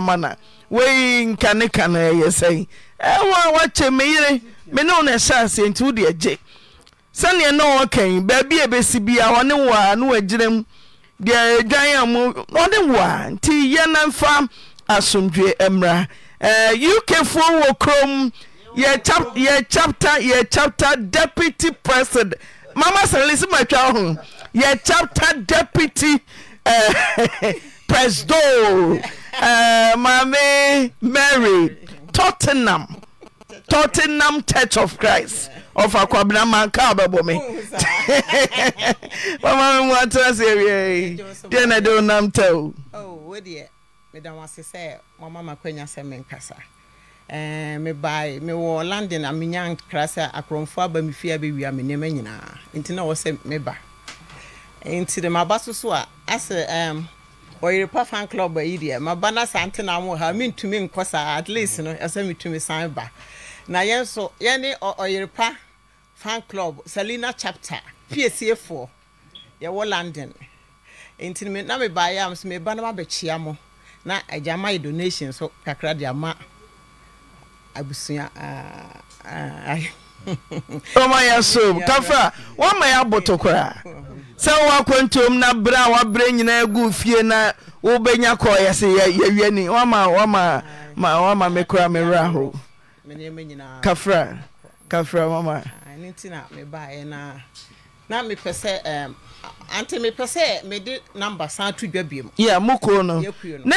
mkakaɛ wkye meyere mene no syɛsɛti wode ye sɛde nɛɔka baiabɛsii ɔnewo new gyinɛm am ɔne wonti yɛnamfa asomde ra kf wɔ kom ɛcatɛ chate eputy presd mamasesta yɛchapte ept presdo uh, mame mary toteam totenam cuch of christ ɔfa kwabenamankaa bɛbɔme mammatemasewiɛenmmedse sɛ mamamakanyasɛ mekasaemewɔ london amenyakra sɛ akrɔmfo aba mefi abɛwimennoɛmanyinaa ntin ɔwɔsɛ mebantide maba so so aa ɔyerepa fan club ayi deɛ maba na saa ntena mu ha mentumi nkɔ saa at least no ɛsɛ metumi san ba na yɛn so yɛne ɔyerepa fan club salina chapter piesiefoɔ yɛwɔ london nti me na mebaeɛ a so meba no mabɛkyia mo na agya ma yɛ donation nso kakra de ama abusua ɔma yɛ so kafa wɔma yɛ aboto koraa sɛ woakwantom na berɛ a woaberɛ nyinaa gu fie na wobɛnya kɔɔyɛ sɛ yɛwiani wama me kora me werɛ ahorokafra kafra mama y mokoo none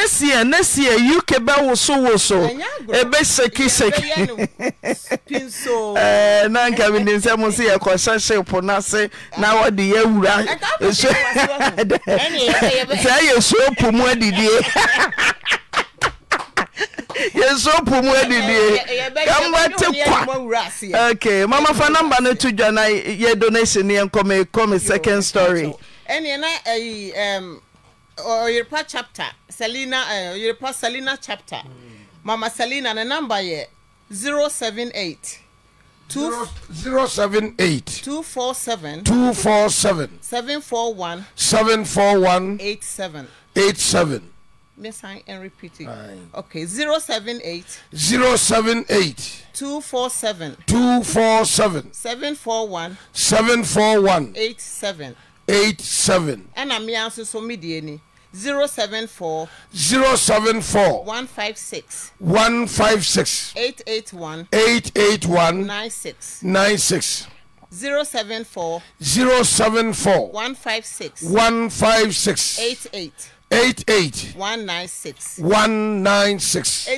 sia na sia uka bɛ wosowoso ɛbɛhyɛkehyɛkna nka minimsɛmu so yɛkɔhyɛhye po n'o ase na wɔde yɛawura s sa yɛ suo po mu adidie yɛnso po mu adidie kambate kwa ok mama fa namba no to dwa na yɛ donation yɛ nkɔme kɔ me second story ɛneɛ na ayi ɔyerepa chapter selina ɔyerepa eh, selina chapter mama selina ne namba yɛ one seven four one eight seven eight seven mesan and repeat it. Aye. okay zero seven eight. zero seven eight. two four seven. two four seven. seven four one. seven four one. eight seven. eight seven. ɛna mmea nso so mi six zero seven four zero seven four one five six one five six eight eight.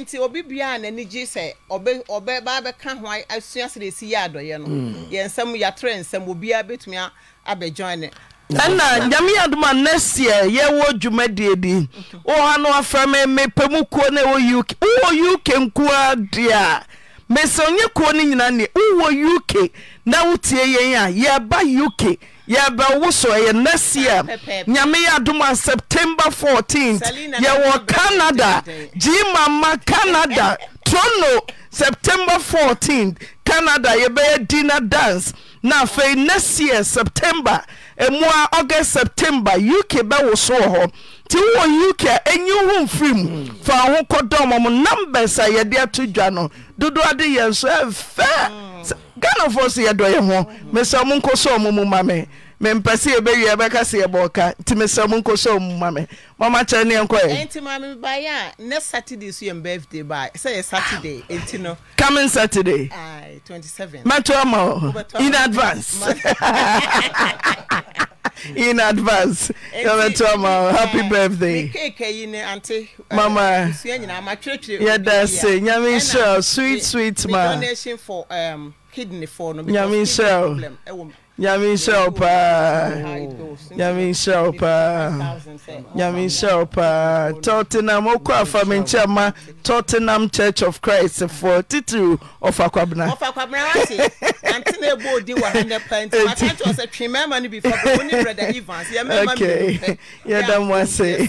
nti obi biara n'ani gye sɛ ɔbɛ ɔbɛ ebe bɛka ho asua sɛ de si yɛ adɔyɛ no hmm. yɛn nsɛm nọ. nsɛm obiara bɛtumi abɛjoin ne. ɛna nyame yɛadoma nnɛseɛ yɛwɔ dwumadie di mepɛ mu kuo na ɛwɔ uk wowɔ uk nkoa deɛ a mesɛ kuo nyina uk na wotie yɛn a uk yɛbɛwo so ɛyɛ nn'ɛsea nyame yɛ adom a september 14th yɛwɔ canada gyi ma ma canada trono september 14th canada yɛbɛyɛ dina dance na afei naseɛ september mua ogust september uk bɛwoso wɔ hɔ nti wowɔ uk a ɛnyi ho mfirim hmm. fa wohokɔ dɔmam nambɛrsa yɛde ato dwa no dodow ade yɛso fɛ hmm. ghanafoɔ so yɛdɔ yɛ ho mesɛ mo nkɔ sɛ mo mu ma me mempɛ sɛ yɛbɛwie bɛka sɛ yɛbɔ ka nti mesɛ mo nkɔ sɛ mu ma me mamakyerɛ ne ɛnkɔɛ coming saturday twenty seven. ma in advance in advance yɛbɛtoa eh, eh, ma happy birthday mama yɛda se nyame eh, nhyira sweet sweet ma kidney for no nyame nhyɛw eh, nyame nhyɛw paa nyame nhyɛw paa oh, nyame nhyɛw paa tɔtenam wokɔ afa me nkyɛma tɔtenam church of christ for titiri ɔfa kwabena okay yɛda mo ase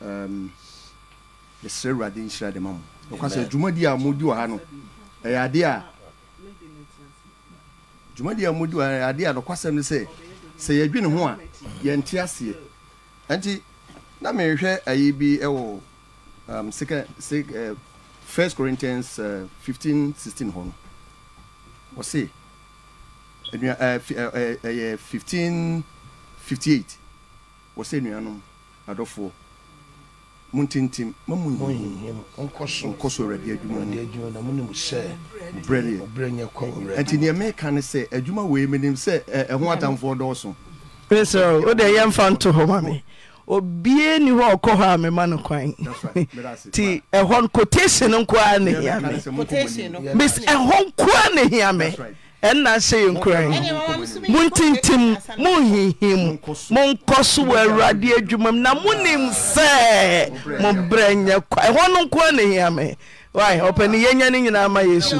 yɛsrɛ ehm, awurade nhyira de ma mo ɔka sɛ dwumadi a modi wɔ ha no ɛyɛ ade a dwumadi a modi wɔ ha ɛyɛ ade a nɔkwasɛm no sɛ sɛ yɛdwene ho a yɛnte aseɛ ɛnti na mehwɛ ayi bi ɛwɔ um, ehm, second, sec, uh, first corinthians uh, 15 16 hɔ no ɔse eh, eh, eh, ɛyɛ 15 58 wɔsɛ nnuanom adɔfoɔ muntintim ma mu nyinyim nkɔ so awurade adwuma mu brɛneɛ ɛnti neɛ meka ne sɛ adwuma wei menim sɛ ɛho atamfoɔ dɔɔso mesrɛ wode yɛmfa nto hɔ ma obie ni hɔ ɔkɔ hɔ a mema no kwan nti ɛhɔ quotation nkoa ne hia me ɛhɔ nkoa ne hia ɛnna nsɛ yɛ nkuraɛ montintim monhihim mo nkɔ so wɔ awurade adwuma mu na monim sɛ mobrɛ nyɛ kwa ɛhɔ no nkoa na hia me y ɔpɛno yɛanya no nyinaa ma yɛ su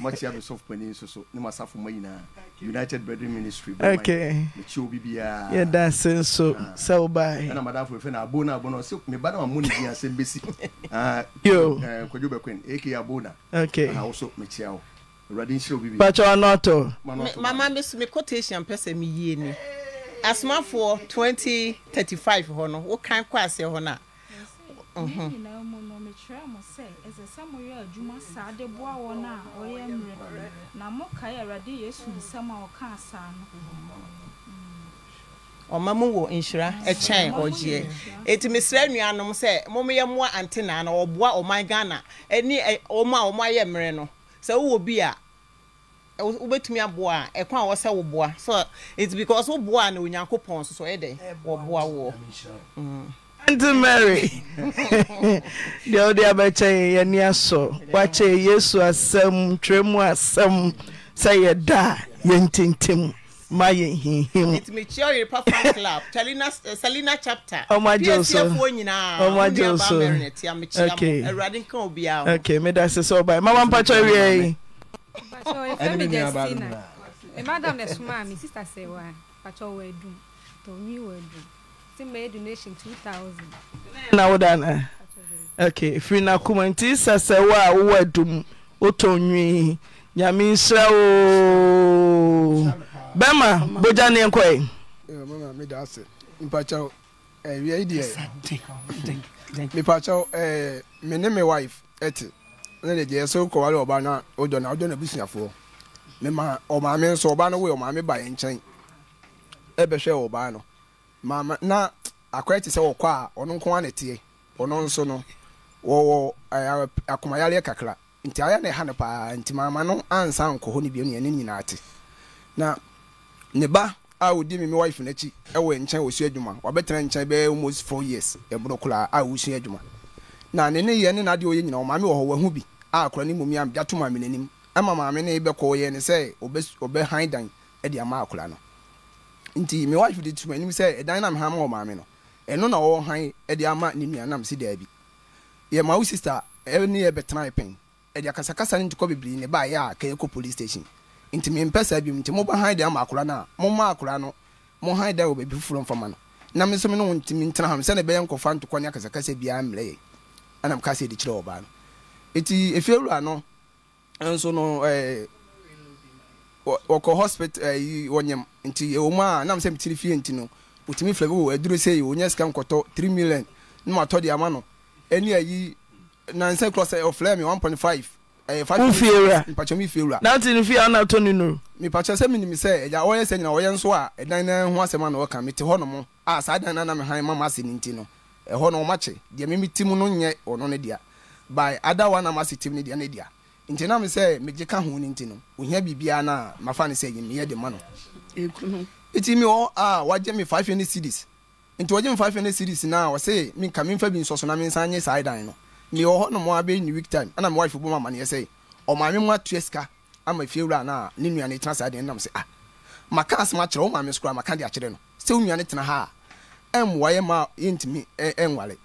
makyia me sɔfo pani nso so ne masafo ma nyinaa united breadin ministry mekyi obi biaa yɛda se nso ah. sɛ wobaɛna madamfo ɛfɛ no abona abona sɛ meba na mamɔ ne bi asɛm bɛsi kwadwo bɛkwen ɛkɛ abona wo so mekyia wo awurade nhyirɛ obi bi pakyɛ wanɔtɔ mama me so quotation pɛ sɛ meyie ni asomafoɔ 2035 hɔ no wokan kɔ aseɛ hɔ no nyinaa mu no mekyerɛ mo sɛ ɛsɛ sɛ moyɛ adwuma saa de boa wɔn a ɔyɛ mmerɛ na mokae awurade yesu nsɛm a ɔka saa no ɔma mu wɔ nhyira ɛkyɛn ɔgyeɛ ɛti mesrɛ nnuanom sɛ mommyɛ mmoa antenaa na ɔboa ɔman ghana ɛne ɔma a ɔmo ayɛ mmerɛ no sɛ wowɔ bi a wobɛtumi aboa a ɛkwan a wɔsɛ wo so it's because wo boa na onyankopɔn so ɛdɛn wɔboa woɔ to marry. Deɛ ɔde abɛkyɛ yɛ yɛni asɔ. Wakyɛ Yesu asɛm, twɛmu asɛm, sɛ yɛda yɛn tintim. ma yɛ hinhim. It's mature Papa Club, Salina, uh, eh, Salina chapter. Ọmọ ajé oso. Ọmọ ajé oso. Okay. Ẹ̀rọ̀dín kan òbí a. Okay, mi da sisi ọba yẹn. Mama mpachọ ewì ẹ yìí. Mpachọ efe mi jẹ Sina. Madam Nesuma, mi sista sẹ wa, mpachọ wẹ dun, tomi wẹ dun. still made donation two thousand. na wo da na wa firi na kuma nti sɛsɛ wo a wowɔ adum wotɔ nwii nyame nhyira o bɛma bogya ne nkɔe mpakyɛw ɛwia yi deɛ mepakyɛw ɛɛ me ne me wife ɛte ne de deɛ sɛ wokɔwale ɔba no a wodɔ na wodɔ n'abusuafoɔ mema ɔmaame nso ɔba no woyɛ mi ba yɛ nkyɛn ɛbɛhwɛ ɔbaa no maama na akɔyɛ te sɛ a ɔno nko ara na ɔno nso no wɔwɔ ɛɛ kakra nti na ɛha no paa nti maama no ansa nkɔ hɔ no ne na ne ba a odi mi mi wife n'akyi ɛwɔ nkyɛn osua adwuma wabɛtena nkyɛn bɛyɛ almost four years ɛboro a adwuma na ne ne yɛ ne n'adeɛ ɔyɛ nyinaa maame wɔ hɔ wɔ ho bi a akora ne mu mi a ama maame ne bɛkɔ yɛ ne sɛ ɔbɛ ɔbɛ han dan ɛde nti mi wife de tuma anim sɛ ɛdan na mi ha ma wɔ maame no ɛno na ɔwɔ han ɛde ama ne nua nam si daabi yɛ ma wo sista ɛne yɛ bɛtena pɛn ɛde akasakasa ne ntikɔ bebree ne ba yɛ a kɛyɛ kɔ police station nti mi mpɛ saa bi mu nti mo ba han de ama akora no a mo ma akora no mo han da wɔ baabi furo mfama no na mi nso mi ne ho ntumi ntena ha sɛ ne bɛyɛ nkɔfa ntokɔ ne akasakasa biara mmerɛ yɛ ɛna mi sɛ de kyerɛ ɔbaa no eti efiewura no nso no ɛɛ. Eh, wɔkɔ hospital ɛyi eh, wɔnyam nti ɛwɔ mu a nam sɛ mitiri fie nti no otumi filɛ bi wɔ aduro sɛ yi onye sika nkɔtɔ three million ne ma tɔ de ama no ɛni ɛyi nansa kura sɛ ɔfilɛ mi one point five ɛyɛ five hundred fiewura mpatsɛ mi fiewura nante ne fie ana tɔ ne nuru mipatsɛ sɛ minimu sɛ ɛgya ɔyɛ sɛ nyina ɔyɛ nso a ɛdan nan ho asɛm ana ɔka mi te hɔ nom a saa dan nan nam han mama ase ne nti no ɛhɔ no ɔma kyɛ deɛ mimi ti mu no nyɛ ɔno ne dea by ada wa nam si ti mu ne dia ne dea nti nam sɛ megye ka ho no nti no ohia biribiaa no a mafa no sɛ meyɛ de ma no nti mi wɔ a wagye me five hundred cities nti wagye me five hundred cities na wɔse minka memfa bi nsɔso na mensan nye saa dan no mewɔ hɔ nom abɛyɛ ne week time Ana me wife bɔ mu amaneɛ sɛ ɔmaame mu atua sika ama fie wura no a ne nua tena saa deɛ nam sɛ ah maka asɛm akyerɛ wo maame sukura maka de akyerɛ no sɛ wo nua tena ha a ɛmmoa yɛ ma yɛntumi ɛnware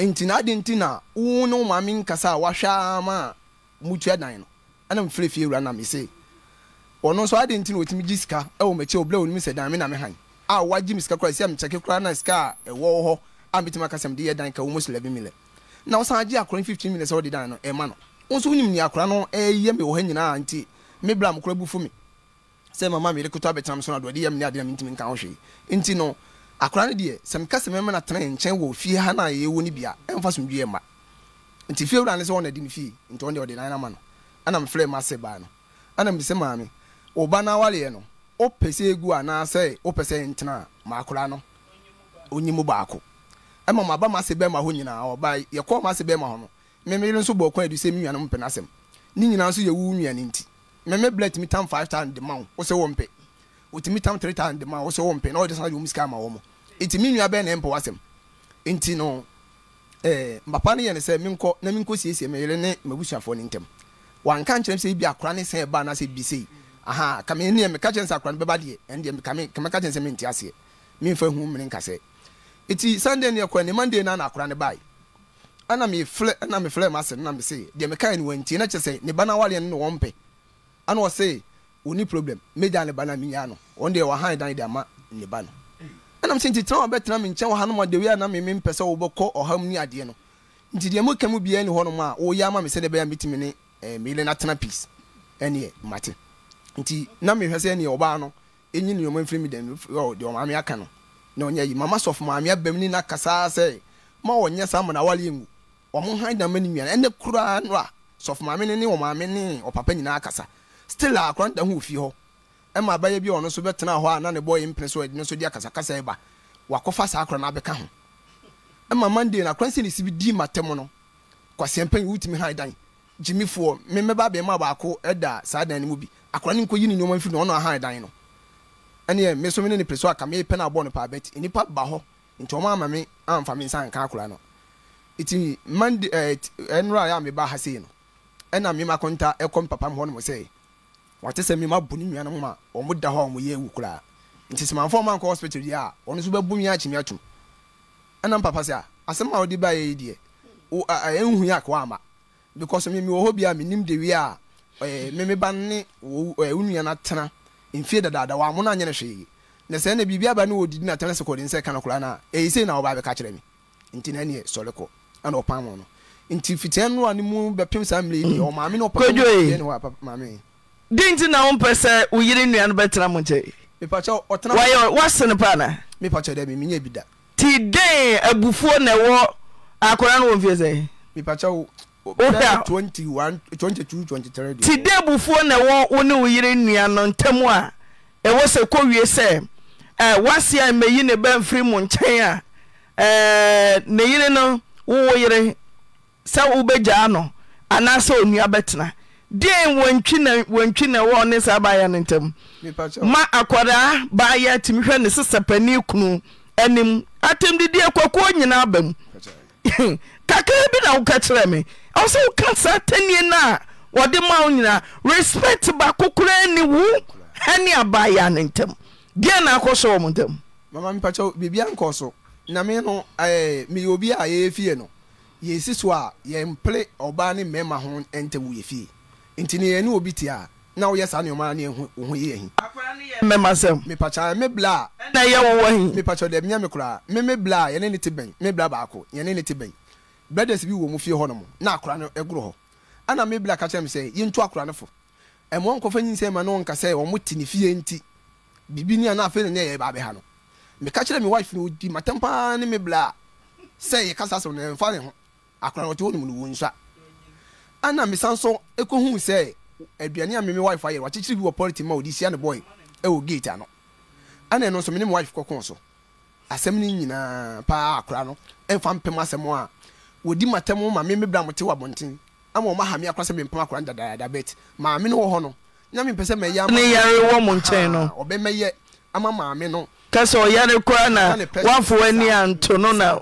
nti na ade nti na wo ne wo maame nkasa a wahwɛ ama a mutua dan no ɛna mfiri fie wura na mese ɔno nso adi nti na gyi sika ɛwɔ m'akyi obila onim sɛ dan mi na mi han a wagyi mi sika kora si a mekyɛke kora na sika a ɛwɔ wɔ hɔ a metumi akasa mi de yɛ dan ka almost eleven million na ɔsan agye akora fifteen million sɛ ɔde dan no ɛma no nso wonyim ni akora no ɛyɛ mi wɔ ha nyinaa nti me bra mokora bu fo mi sɛ mama mi de koto abɛtena mi so na do ɔde yɛ mi ne ade mi ntumi nka ho hwee nti no akora no deɛ sɛ mekasa na tena nkyɛn wɔ fie ha na yɛ nti fie wura ne sɛ wɔn na di ne fie nti wɔn deɛ ɔde nan ama no ɛna mi filɛ ma se baa no ɛna mi sɛ maame ɔba n'awaleɛ no ɔpɛ sɛ egu anaasɛ ɔpɛ sɛ ntena maakora no onyimu baako ɛma ma ba ma se bɛrima hɔ nyinaa ɔba yɛ kɔɔ ma se bɛrima hɔ no mmemmiri nso bɔ kwan edu sɛ mi nua no mpɛ n'asɛm ne nyinaa nso yɛ wu nua ne nti mmemme blɛ tumi tam five thousand de ma wo wosɛ wɔn pɛ otumi tam three thousand de ma wo wosɛ wɔn pɛ na ɔde san de wɔn sika ama wɔn eti mi nua bɛɛ na ɛmpɛ w'asɛm no ɛɛ eh, mbapa no yɛ ne sɛ menkɔ na menkɔ siesie me yere ne mabusuafoɔ ne ntɛm wanka nkyerɛ sɛ bi akora ne sɛn ɛbaa nasɛ bi sei aha kame ne meka kyerɛ sɛ akora no bɛba deɛ ɛne deɛ kame kameka kyerɛ sɛ mente aseɛ memfa hu mene nkasɛ ɛti sunday ne ɛkɔ ne monday no ana akora ne bae ana mefrɛ ana mefrɛ ma ase na me se deɛ mekae no wantie na kyerɛ sɛ ne ba no awareɛ no ne wɔmpɛ ana ɔse ɔni problem mɛgya ne ba no a menya no ɔno deɛ wahan ɛnam sɛ nti tena wɔbɛtena me nkyɛn wɔ ha nom adewi a na meme mpɛ sɛ wobɛkɔ ɔha mu ne adeɛ no nti deɛ moka mu biaa ni hɔ nom a woyɛ ama me sɛdeɛ bɛyɛ metumi ne eh, mele no atena peace ɛneɛ mate nti na mehwɛ sɛ ɛneɛ ɔbaa no ɛnyi ne mfiri me dɛm ɔmaame aka no na ɔnyɛ yi mama sɔfo maame abam ne nakasaa sɛ ma ɔnyɛ saa mmana wale ngu ɔmo han dama ne nnuane ɛnɛ koraa no a sɔfo maame ne ne ɔmaame ne ɔpapa nyinaa akasa still a ho wɔ hɔ ɛma abɛyɛ bi a ɔno nso bɛtena hɔ a na ne bɔ yɛ mpene so ɛdi ne nso di akasakasa ɛba wakɔfa saa akora na abɛka ho ɛma monday na akora nsi ne si bi di ma tɛm no kwasi mpanyin wutumi ha dan gyimifoɔ mmɛba abɛɛma baako ɛda saa dan no mu bi akora ne nkɔ yi ne nneɛma mfiri na ɔno aha dan no ɛneɛ mme so me ne ne pere so aka mepɛ no abɔ no paa bɛti nnipa ba hɔ nti ɔma ama me amfa me nsa nka akora no nti monday ɛnora eh, eh, a meba ha sei no ɛna me makɔnta ɛkɔ mpapa m hɔ nom sɛ wate sɛ mi ma bu ne nuanom ma wɔn da hɔ a wɔn ewu koraa nti simanfo ɔmo ankɔ hospital yi a ɔno nso bɛbu mi akyimi atum ɛnam papa sɛ a asɛm a wɔde ba yɛ deɛ o a a ehu yɛ akɔ ama because mi mi wɔ hɔ bi a mi nim de wi a ɛɛ mimi ba ne wo ɛɛ onua na tena mfie dadaada wɔn amono anyɛ ne hwee na sɛ na biribi aba ne wɔ didi na tena sɛ kɔde nsɛ kan koraa na eyi sɛ na ɔba abɛka kyerɛ mi nti na ɛni yɛ sɔre kɔ ɛna ɔpam wɔn no nti fitaa no a ne mu bɛpem saa mmiri yi deɛ ɔmaame na ɔpam mu deɛ ne hɔ a din nti na wompɛ sɛ wo yere nnuano bɛtena mokɛewose no pan ti den abufuo ne ɛwɔ akora no ɔfie sɛti dɛn abufuo na wɔ wo ne wo yere nnua no ntam a ɛwɔ sɛ kɔ wie sɛ woase a mayi ne bɛ mfiri mo nkyɛn a ne yire no wowo yere sɛ wobɛgyaa nɔ anaasɛ onua bɛtena den wantwi na na wɔ ne saa baayɛ no ntam ma akwadaa baayɛ tumi hwɛ ne sesapani kunu anim atamdidiɛ kwakuo nyinaa ba mu bi na woka kyerɛ me ɛwɔ sɛ woka saa tanie no a wɔde ma wo nyinaa respect baakokoraa ni wo ɛne abaayɛ no ntam deɛ na akɔ sɛ wɔ mo ntam mama mepakyɛw biribia nkɔ so na me no meyɛ obi a yɛyɛ fie no esi so a yɛmpere ɔbaa ne mmarima ho ntɛm wɔ yɛ fie nti ne yɛne obi te a na woyɛ saa nneɔma ne ɛho yɛ hi mɛma sɛm mepakya me bla na ɛyɛ wowɔ hi mepakya dɛ menya me koraa me me bla a yɛne ne te bɛn me bla baako yɛne ne te bɛn brothers bi wɔ mu fie hɔ nom na akora no ɛgoro hɔ ana me bla ka kyerɛ me sɛ yɛntu akora no fo ɛmoa nkɔfa nyinsɛn ma ne wɔnka sɛ wɔn te ne fie nti biribi ni a na afei ne yɛ ba abɛha no meka kyerɛ me wife no odi matam paa ne me bla sɛ yɛkasa sɛ no ɛmfa ne ho akora no ɔte hɔ nom no wɔ nsua ana mesa nso ekohu sɛ aduane a meme wife ayɛ wakyekyere bi wɔ pɔliti ma ɔde sia ne bɔe ɛwɔ gate ano ana ɛno nso mene me wife kɔkɔn so asɛm no nyinaa paa akora no ɛmfa mpɛm asɛm a wɔdi matɛm ma me mebra mote wɔ abɔnten ama ɔma ha me akora sɛ mempam akora no dadaada bet maame no wɔ hɔ no na mempɛ sɛ mɛyɛ ne yare wɔ mo nkyɛn no ɔbɛmɛyɛ ah, ama maame no ka sɛ ɔyare kora na woafo w'ani anto no na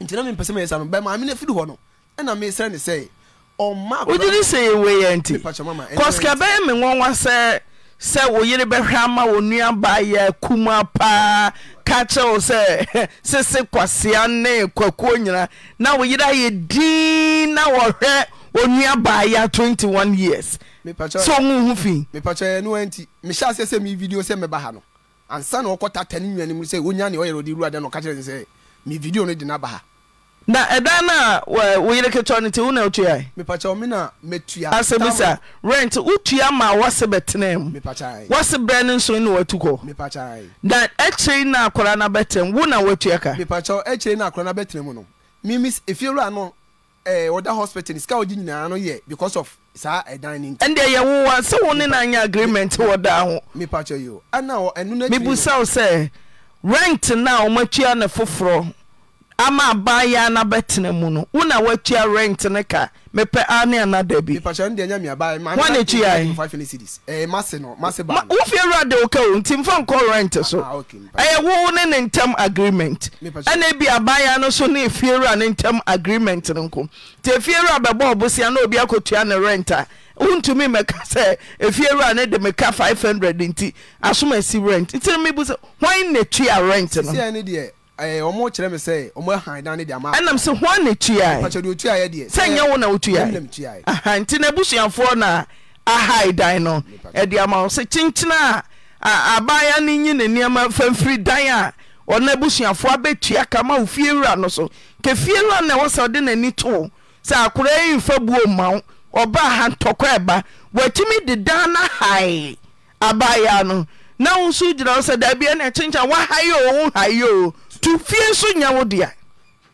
nti na mempɛ sɛ mɛyɛ sa no bɛ maame no afiri hɔ no ɛna mesrɛ ne sɛ wogyere sɛ yɛwe yɛ nti kɔska bɛyɛ me nwɔnwa sɛ sɛ wo yere bɛhwɛ ama wo nuaba yɛ kuma paa ka kyerɛ wo sɛ sese kwasea ne kwakuo nyina na wo yere ayɛ din na wɔhwɛ wo nuaba yɛ 21 years sɛ ɔmu ho fi mepakyɛ no anti mehyɛ aseɛ sɛ me video sɛ mɛba ha no ansa na wɔkɔtata ne nwuanem sɛ wonya ne ɔyɛ ɔde wura no ɔka kyerɛ sɛ me video no de na aba ha na ɛdan na wo yere ketewa no ti wo na wotua mepakyɛ me na metua asɛm rent wotua ma wɔse bɛtena mu wɔse berɛ no nso ne watu kɔ na akyiri na akɔra no bɛtena mu wo na watua ka mepakyɛ akyiri na akɔra no bɛtena mu no mimis efiewura no ɛɛ eh, ɔda hospital sika ɔgye nyinaa no yɛ because of saa ɛdan ne nti ɛndeɛ yɛwo wa sɛ wo ne na anya agreement wɔ da ho mepakyɛ yo ɛna ɛno no mebusa wo sɛ rent na ɔmatua ne foforɔ ama baya no bɛtena mu no wona woatua rent ne ka mepɛ a ne anada biane tawo fie ra de woka o nti mfa nkɔ rent so ɛyɛ wo ne ne ntam agreementɛne bi abaya no so ne fie ra ne ntam agreement no nko nti fi ra bɛbɔbosea na obi akɔtua ne rent a wontumi mɛka sɛ fi ra no de meka 500 nti asoma si rent ntire mb sɛ ha na ta rent no ɔmo eh, kyerɛ me sɛ ɔmo ɛhan dan ne ama. ɛnam sɛ hɔn na pàṣẹ de o yɛ na o Aha na ebusuafoɔ na ahai dan no ama wɔn sɛ kyenkyena a abaayewa no nyi ne nneɛma fɛnfiri dan a ɔna ebusuafoɔ abɛtua kama ofie wura no so ke fie wura na ɛwɔ sɛ ɔde n'ani to sɛ akora eyi nfa buo ɔba aha ntɔkwa ɛba de dan na abaayewa no na nso to fie nso nya wo dea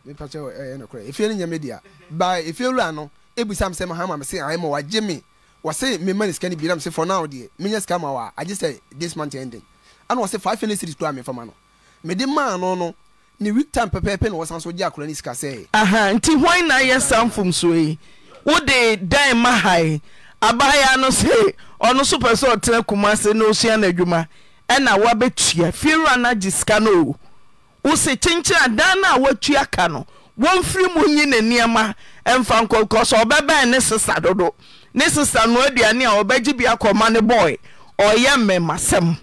mepatɛ ɛyɛ nokorɛ ɛfie no nyame dea ba ɛfie wura no ɛbisa m sɛ mahama me se ayɛ ma wagye me wɔse mema ne sika no biara m sɛ fɔ no a wodeɛ menya sika ma wɔ a agye sɛ this month ending ana wɔse five hundred series koraa mefama no mede maa no no ne week time pɛpɛɛpɛ na wɔsan so gye akora ne sika sɛ aha nti hwan na ayɛ saa mfomsoɔ yi wode dan ma hae abaayaa no sɛ ɔno so pɛ sɛ ɔtena kuma ase na osua no adwuma ɛna woabɛtua fiewura no agye sika no o wo se kyenkyene a dan no a woatua ka no wɔmfiri mu nyi ne nneɛma mfa nkɔkɔ so ɔbɛbɛn ne sesa dodo ne sesa no aduane a ɔbɛgye bi akɔma ne bɔe ɔyɛ mmɛmasɛm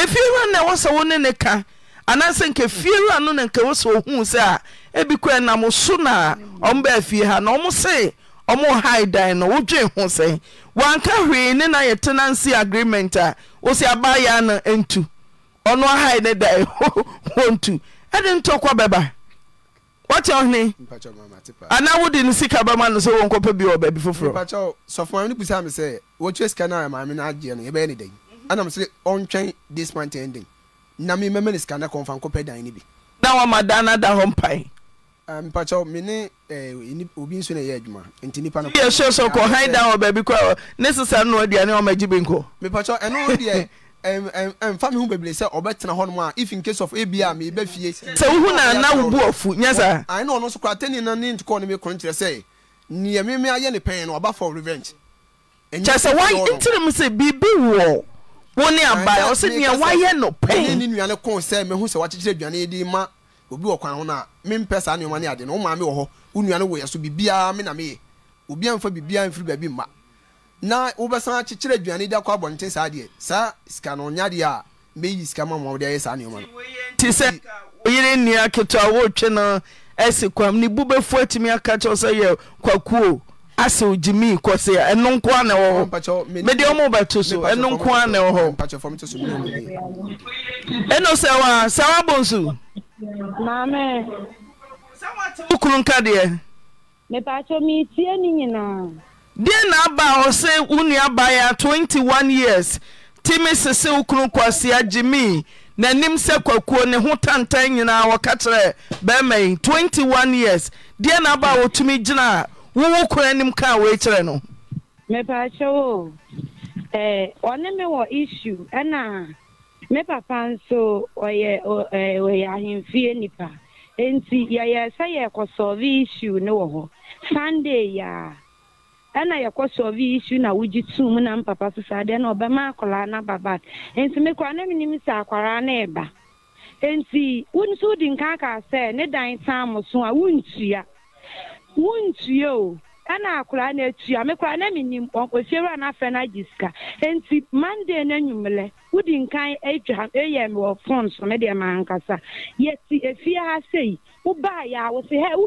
ɛfiewura na ɛwɔ sɛ wo ne ne ka anaasɛ nkɛ fiewura no ne nkɛ wo sɛ ohuu sɛ a ebi kora nam so na ɔm baa fie ha na ɔmo se ɔmo hai dan no wodwe ho sɛ wanka hwee ne na yɛ tenancy agreement a wosi abaayaa na yɛ ntu ɔno ahae ne da wɔntu ɛde ntɔkwa bɛba wɔte ɔhene anaa wode no sika bɛma no sɛ wɔnkɔpɛ bi wɔ baabi foforɔ sɔfoa no busa me sɛ wɔtua sika no a maame no agyeɛ no yɛbɛyɛ ne dan mhm. ana m sɛ ɔntwɛn this month ending na memɛmɛ ne sika na kɔmfa nkɔpɛ dan no bi na wama da no da hɔ mpae ah, mpakyɛw me ne eh, obi nso na ɛyɛ adwuma nti nipa no yɛ hyɛ sɛ kɔhan da wɔ baabi kɔ ne sesa no aduane mfa mi ho bebree sɛ ɔbɛtena hɔnom a if in case of ebi a mi bɛ fie. sɛ wohu na na wo bu ɔfu nyɛ saa. ayi na ɔno nso kora tɛni na ne ntukɔ ne mi kɔn kyerɛ sɛ nea mi mi ayɛ ne pɛn no ɔba for revenge. kyɛ sɛ wɔn ntiri mu sɛ biribi wɔ wɔn ne aba ɔsɛ nea wɔayɛ no pɛn. ne ni nua ne kɔn sɛ mehu sɛ wakyekyere aduane yi ma obi wɔ kwan ho na mi mpɛ saa nneɛma ne ade no wɔn maame wɔ hɔ wɔn nua ne wɔ yɛ so bibiara mi na mi yɛ obiara nfa bibiara nfiri baabi mma. na wobɛsan kyekyerɛ aduanedakɔ abɔnte saa deɛ saa sika noɔnyadeɛ a ɛyi sika mamwde yɛ sanenti sɛ ɔyere nnia keteawotwe no asi kwa ne bu bɛfu atumi aka kyɛw sɛ yɛ kwakuo asewo gyimi kɔse a ɛno nko a nwɔ hmed mɛoso ɛno nkoa n wɔ hɔ ɛno sɛ woa sa w abɔ nsu aakro nka deɛ mepamti n nyinaa deɛ na aba se wo yɛ a 21 years timi sese eh, wo kunu kwasea n'anim sɛ kwakuo ne ho tantan nyinaa wɔka kyerɛ bɛrima yi 21 years deɛ na aba a wɔtumi gyina a wowo kora anim kaa woekyerɛ no ɔne me wɔ issue ɛna me papa nso ɔyɛ ɔyɛ eh, ahemfie nipa nti yɛyɛ sɛ issue ne wɔ hɔ sunday ɛna yɛkɔ isu na wogye tum na mpapa so deɛ na ɔbɛma akwaraa na ba nti na menim sɛ akwaraa na ɛba nti wo nso wodi nkanka sɛ ne dan san mo so a wontua wontua o ɛna akwaraa na atua me menim na no agye nti monday no wodi nkan atwa ɛyɛ phone so maankasa yɛti ha wobaa yɛ a wo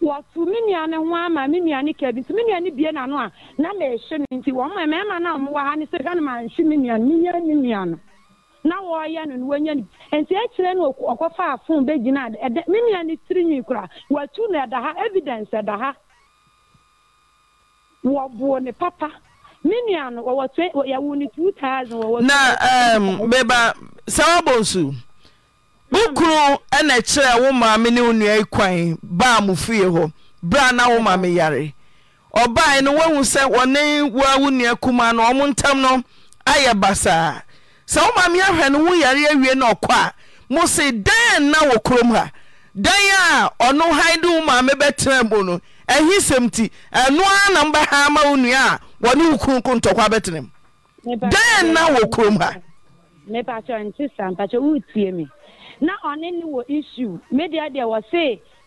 wɔtu me nua ne ho ama me nua ne kɛ nti me nua ne bie n'ano a na ma ɛhyɛ no nti wɔn mmarima no a wɔwɔ ha ne sɛ hwɛ ma nhye me nua no me nya ne nua no na wɔreyɛ no no wɔnya no nti akyerɛ no ɔkɔfa afon bɛgyina ɛdɛ me nua ne tiri nwi kora wɔtu no ɛda ha evidence ɛda ha wɔbuo ne papa me nua no wɔwɔ twe yɛwo ne two thousand wɔwɔ. na ɛɛm beba sɛ wɔbɔ nsu. wo kunu nɛ wo maame ne wo nnuai kwan baa fie hɔ berɛ na wo maame yare ɔbae no woahu sɛ wɔne woa wo nnua kumaa no ɔmo ntam no ayɛ basaa sɛ wo maame ahwɛ no ho yare awie na ɔkɔ a mo se dan na wɔ ha dan a ɔno hae de wo maame bɛtena mu no sɛm nti na wo a wɔne wo ntɔkwa dan na wɔ kurom ha na ɔne ne wɔ issue media deɛ wɔse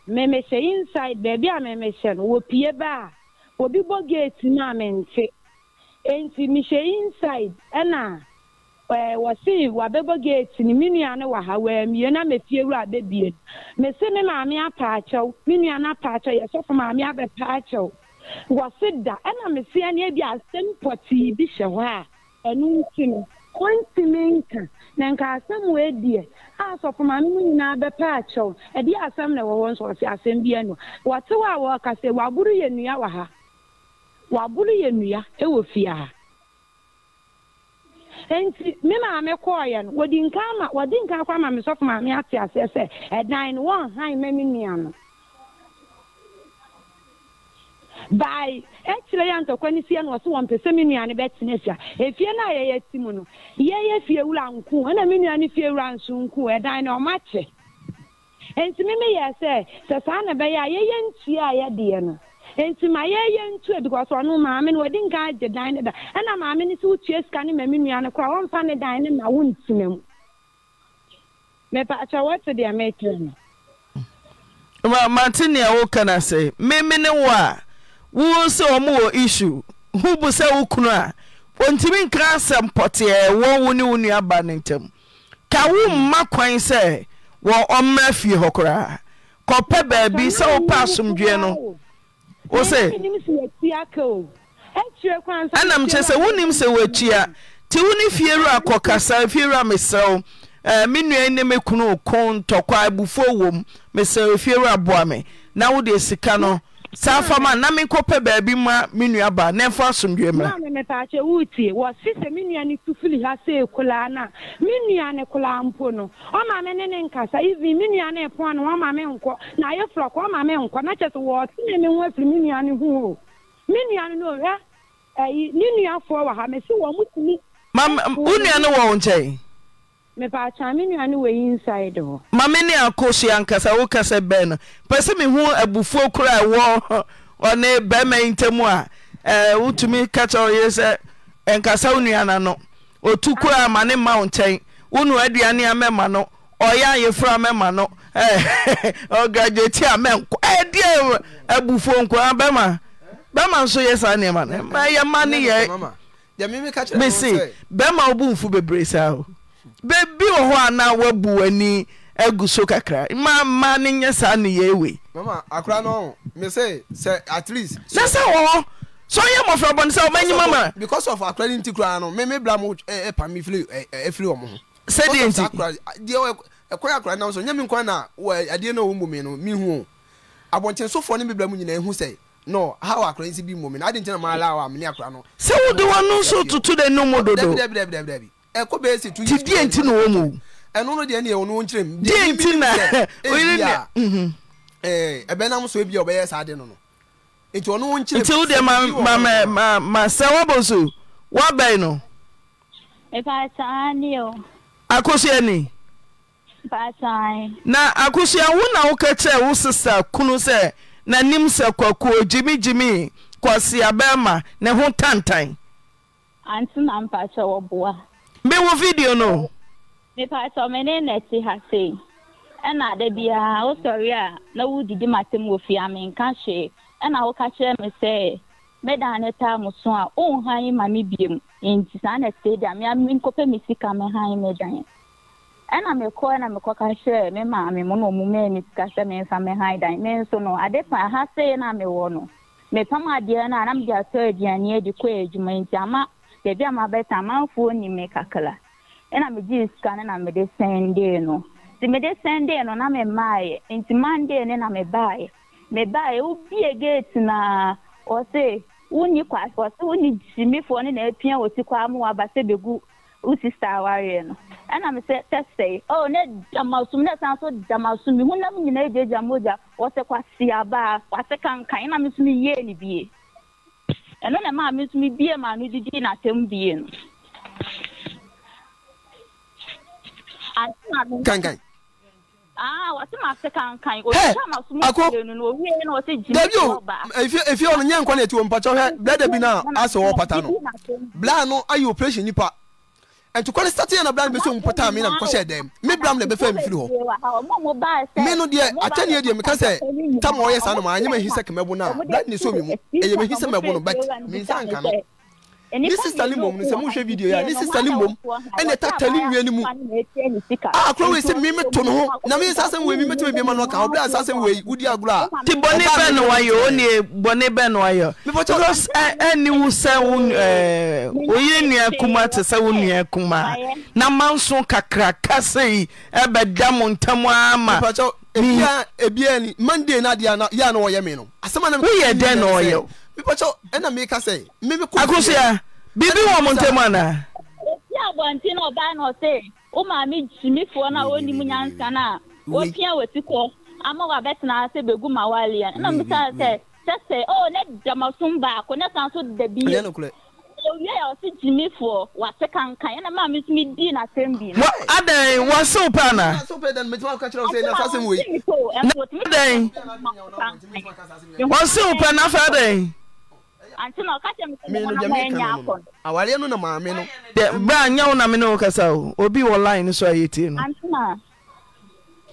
mmɛmɛhyɛ inside baabi a mmɛmɛhyɛ no pie ba a obi bɔ gate na mente nti mehyɛ inside ɛna ɛɛ eh, wɔse wabɛbɔ gate ne me no wɔ ha na mepie wura abɛbie no mese me maame apaakyɛw me no apaakyɛw yɛsɔfo maame abɛpaakyɛw wɔse da ɛna mese ɛneɛ bi asɛm pɔtii bi hyɛ hɔ a ɛno nti no nka na nka asɛm wee a asɔfo maame mu nyinaa bɛpɛ akyɛw ɛde asɛm na ɛwɔ hɔ nso ɔsi asɛm bi ɛnu wɔte a wɔka sɛ waburu yɛ nnua wɔ ha waburu yɛ nnua ɛwɔ fie ha nti me maame kɔɔyɛ no wɔde nka ama wɔde nka akɔ ama me sɔfo maame ate aseɛ sɛ ɛdan no wɔn han mɛ nua no. bae ekyirɛ yɛ ntɔkwa ne sie no ɔse wɔn pɛ sɛ me nua ne bɛtena hyia efie no a yɛyɛ ti mu no yɛyɛ fie wura nko ɛna me nua fie wura nso nko ɛdan no ɔma kyɛ nti me meyɛ sɛ sɛ saa na ɛbɛyɛ a yɛyɛ ntue a yɛdeɛ no nti ma yɛyɛ ntue because ɔno maame no wɔde nka agye dan ne da ɛna maame no sɛ wotue sika ne ma me nua no kora wɔmfa ne dan ne ma wo ntena mu mepakyɛ wɔte deɛ mekyerɛ no mate nea woka no sɛ meme ne wo a wo sɛ ɔ mowɔ issue ho sɛ wo kunu a ɔntimi nkra asɛm pɔteɛ wɔ wo ne wo nuaba no ntam ka womma kwan sɛ wɔ ɔmmra fie hɔ koraa kɔpɛ baabi sɛ wopɛ asomdwoe no wo sɛanam kyerɛ sɛ wonim sɛ woakyia nti wo ne a kɔkasa a meserɛw me ne me kunu ko abufuo me na wode sika no saa fama na menkɔpɛ baabi ma me baa na ɛmfa asomdwe mmra mepaakyɛ wotie wɔse sɛ me nua ne tu ha sɛ kolaa na a me nua ne kolaa mpo no ɔma me ne ne nkasa even me nua ne ɛpoa no ɔma me nkɔ na ayɛ frɔkɔ ɔma me nkɔ na kyɛ sɛ wɔɔtene me ho afiri me nua ne ho o me nua no no ɔhwɛ ayi ne nuafoɔ wɔ ha mɛsi wɔ mo tumi wo nua no wɔ wo nkyɛn mepɛakyaa inside ma ne ako ankasa wo kasa bɛɛ no pɛ sɛ mehu abufuo kora a ɛwɔ ɔne bɛrima yi ntamu a wotumi ka kyɛ ɔyere sɛ ɛnkasa wo nuana no ɔtu koraa ma mma wo nkyɛn wo aduane a mɛma no ɔyɛ ayeforo mɛma no ɔgraduati a mɛnkɔ ɛdeɛ abufuo nkoa bɛma bɛma nso yɛ saa nneɛma no yɛma ne yɛ mfu bebree saa o beebi wɔ hɔ anaa woabu w'ani agu so kakra mmaa mmaa ni nyɛ saa ne yɛ ewe. mama akora no me say sɛ at least. na sɛ wɔ hɔ sọ yẹ mọfra bọ nisẹ ọmọ ẹni mama. because of akora ni nti kura no me bila mu ẹ ẹ pa mi firi ẹ ẹ firi ọmọ. sẹ́díẹ̀ nti. diẹ ẹkọrẹ akora náà sọ nyẹ mi nkwa na wọ adiẹ náà wọ mu mi no mi hu o abọnten sofoɔ ne bibila mu nyinaa ehu sɛ no how akora nsi bi mu mi na adi nti na maa la wa mi ni akora no. sẹ́wọ́n di wọn nso tutu de numu dodo. dẹbi dẹbi dẹbi dẹbi. ɛkɔ bɛyɛ sɛ ti diɛ nti na wɔ mu ɛno no deɛ ne yɛwɔ no nkyerɛ mu diɛ nti na oyiri ne mhm. ɛbɛnam so ebi a ɔbɛyɛ saa de no no nti ɔno wo nkyerɛ nti wo deɛ ma ma ma ma ma sɛ wabɔ so wabɛn no. ɛbaataa ni o. akosua ni. baataa. na akosua wo na wo kɛkyɛ wo sisa kunu sɛ n'anim sɛ kwakuo gyimigyimi kwasi abɛɛma ne ho tantan. anti na mpakyɛ wɔ boa. mewo vidio no mepatɔ me ne nɛ te ha sei ɛna ada biara wosɔre a na wodidi matem wɔ fie a menka hwee ɛna woka kyerɛ me sɛ meda ne taa mo so a wonhan ma me biam nti saa na sɛ deɛ me menkɔpɛ me sika me han me dan ɛna mekɔ ɛna mekɔ ka kyerɛ ma maame mo na ɔmu maa me sika sɛ memfa me han dan me nso no ade pa ha se na mewɔ no mepam adeɛ no a na mede atɔ aduane adi kɔ adwuma nti ama baabi a ma mabɛtena amanfoɔ nyime kakra ɛna megyee sika no na mede dee no nti mede sɛndee no na memmaeɛ nti mandee ne na mebaeɛ mebaeɛ wobie gate na ɔse wonni kwa ɔse wonni gyimifoɔ no na apia wɔsi kwa ma waba sɛ bɛgu wo sista awareɛ no ɛna me sɛ sɛsɛe o oh, ne damasum ne san so damasum mehunam nyinaa gyagya mogya wɔsɛ kwaseabaa kwase kankan ɛna me so meyɛɛ ne bie ɛno na maa mi nso mi bie maa no didi n'asɛm bie no. Ah, kankan. aa wɔsi maa se kankan o ti ama sumu kile nu na owi yɛn na wɔsi jimi na asɛ wɔ pata no blaa no ayi operation nipa nti kɔni sati yɛn na bla mi bɛ se mu pɔtɔ mi na mi kɔsɛ dɛm mi bla mi na bɛ fɛn mi firi hɔ mi nu deɛ akyɛ ni yɛ deɛ mi ka sɛ tam a ɔyɛ saa no ma a nye ma ehi sɛ kɛmɛ bu na bla ni so mi mu eye ma ehi sɛ mɛ bu no bɛt mi nsa nka no ne sista ne mom no sɛ mohwɛ video yi a ne sista ne mom ɛna ɛta tali nnua no mu a akora wei sɛ meme to no ho na me sa sɛm wei memeto bɛbi ma oh, no a wobrɛ sa sɛm wei wodi e agorɔ a nti bɔne bɛ no wayɛ ɔne bɔne bɛ no wayɛ because ɛni eh, wo sɛ wo eh, oyɛ nnua e kuma te sɛ wo nnua e kuma na ma nso kakraka sei ɛbɛda mo ntam ama ebia ebia ni monday na deɛ yɛ a na wɔyɛ me no asɛm a na woyɛ dɛn mepɛkyɛ ɛna meka sɛ akosia biribi wɔ mo ntam ɛti abɔnten na ɔbaa na ɔse wo maame gyimifoɔ no a wɔnim nyansa no a wɔpia kɔ ama wabɛtena ase bɛgu ma waleɛ ɛna mesa sɛ sɛ sɛ o ne gyamasom baako ne san so da bi owia yɛ ɔse gyimifoɔ wase kankan ɛna maame tumi na n'asɛm bi adan pa na pa na awareɛ no na maame no ɛ berɛ a nyɛ wo name ne wo kasa o obi wɔ lne ne so ayɛ tiɛ no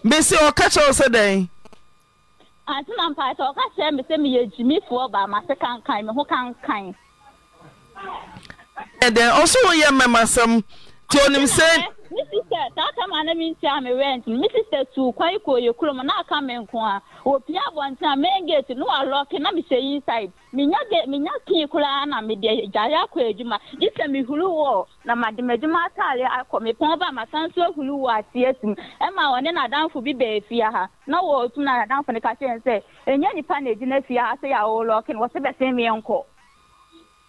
mesi ɔka kyɛ wo sɛ dɛn ntenaaka kɛ me sɛ meyɛ gyumifoɔ bamse kananmho kankandɛn ɔsowo yɛ mama sam ti nm sɛ me sista saa ka ma na me nti a me rent me sista tu kwan ko ye kurom na aka me nko a opia abɔnten a main gate no wa lock na me hyɛ inside menya ge menya kii koraa na me de gyae akɔ adwuma gye sɛ mehuru wɔ na made m'adwuma atare akɔ mepɔn ba masan so ahuru wɔ aseɛ tum ɛma wɔne n'adamfo bi baa fie ha na wɔtum na n'adamfo no ka kyerɛ n sɛ ɛnyɛ nnipa na ɛgyina fie ha sɛ yɛ a wɔlɔke no wɔsɛ bɛsɛn meɛ nkɔ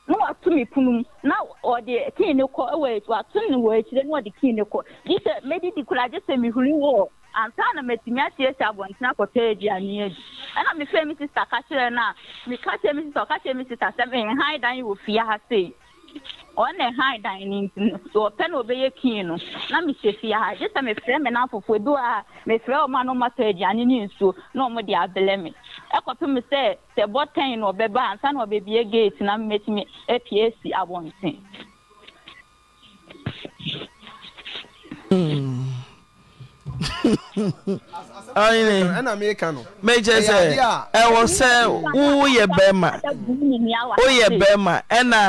na watu mi kunu mu na ɔde kii ne kɔ ɛwɔ watu ne wɔ akyire na ɔde kii ne kɔ gye sɛ mɛdi di kura gye sɛ mihuri wɔ ansa na mɛtumi asiesie abɔnten akɔtɔ aduane adi ɛna mefɛ mi sista ka kyerɛ no a meka mi sista ɔka mi sista sɛ mehan dan wɔ fie ha sei ɔna ha dan ne nti no ɔpɛ na ɔbɛyɛ kin no na mehyɛ fie ha gye sɛ mefrɛ me ha bi a mefrɛ ɔmo a na aduane ne nsuo na ɔmo de me me sɛ sɛ bɔtɛn na ɔbɛba ansa na ɔbɛbie gate na mmetumi apue esi abɔnten. Hmm. nmɛkye sɛ ɛwɔ sɛ wwoyɛ bɛima woyɛ baima ɛna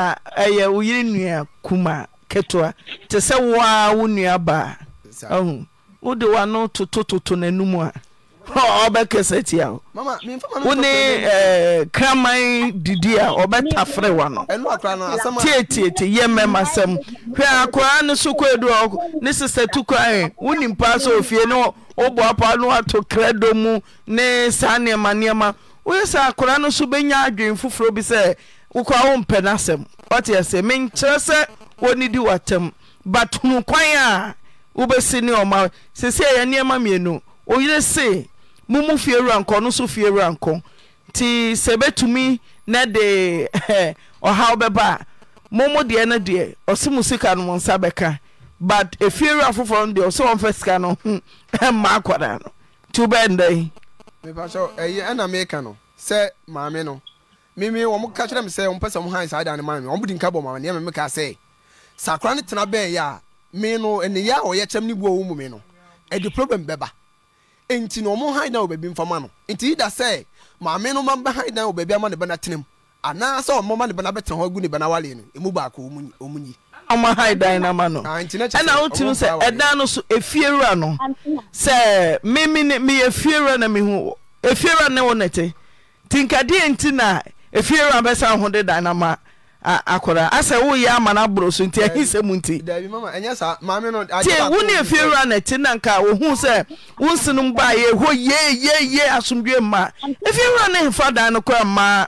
ɛyɛ wo yerɛ nnua kuma kɛtoa nti sɛ wo aa wo nnua baa wode wano toto toto nanomu a ɔbɛkɛsɛ ti a wo ni kraman didi a ɔbɛta frɛ wa no tietietie yɛ mmɛma sɛm hwɛ akoraa ne so kɔadu a ne sesɛ tu korae wo nimpaa sɛ ofie ne woboapaa no wato krɛdɔ mu ne saa nneɛma nneɛma woyɛ sɛ akora no so bɛnya adwen foforɔ bi sɛ wokɔa wompɛ no asɛm ɔteɛsɛ menkyerɛ sɛ wɔne di watam but hunu kwan a wobɛsi ne ɔma sɛsɛ ɛyɛ nneɛma mmienu oyere se Mumu fie wura nkɔ no so fie wura nkɔ nti sɛ bɛtumi na de ɔhaw bɛba a momu deɛ no deɛ ɔse mu sika no mo nsa bɛka but efie wura foforɔ no deɛ ɔsɛ wɔmfa sika no mma akɔdaa no nti wobɛndɛn mepasɛ ɛyɛ ɛna meka no sɛ maame no mimi wɔn ka kyerɛ mi sɛ wɔn pɛ sɛ wɔn han saa dan ne maame wɔn di nka bɔ maame nneɛma mi ka sɛ sakura ne tena bɛn yɛ a mi no ɛnìyɛ a ɔyɛ kyɛm ne bu owu mu mi no ɛdi problem bɛba nti na ɔmo han dan wɔ baabi nfa ma no nti ida sɛ maame no ma han dan wɔ baabi ama ne ba na tena mu anaasɛ ɔmo ma ne ba na bɛtena hɔ gu ne ba na wale no emu baako ɔmo nyi. ɔmo han dan na ma no ɛna o ti mu sɛ ɛdan no so efiewura no sɛ mimi ne mi efiewura na mi hu efiewura ne wɔ nɛte tinkadeɛ nti na efiewura bɛsa ho de dan na ma. akɔra asɛ woyɛ amana borɔ so nti ahisɛ mu ntitie wo ne afie wura na ti na nka wohu sɛ wo nsi no m baa yɛ hɔ yeeyeye asomdwe mmaa afie wura na hemfa dan no kora mmaa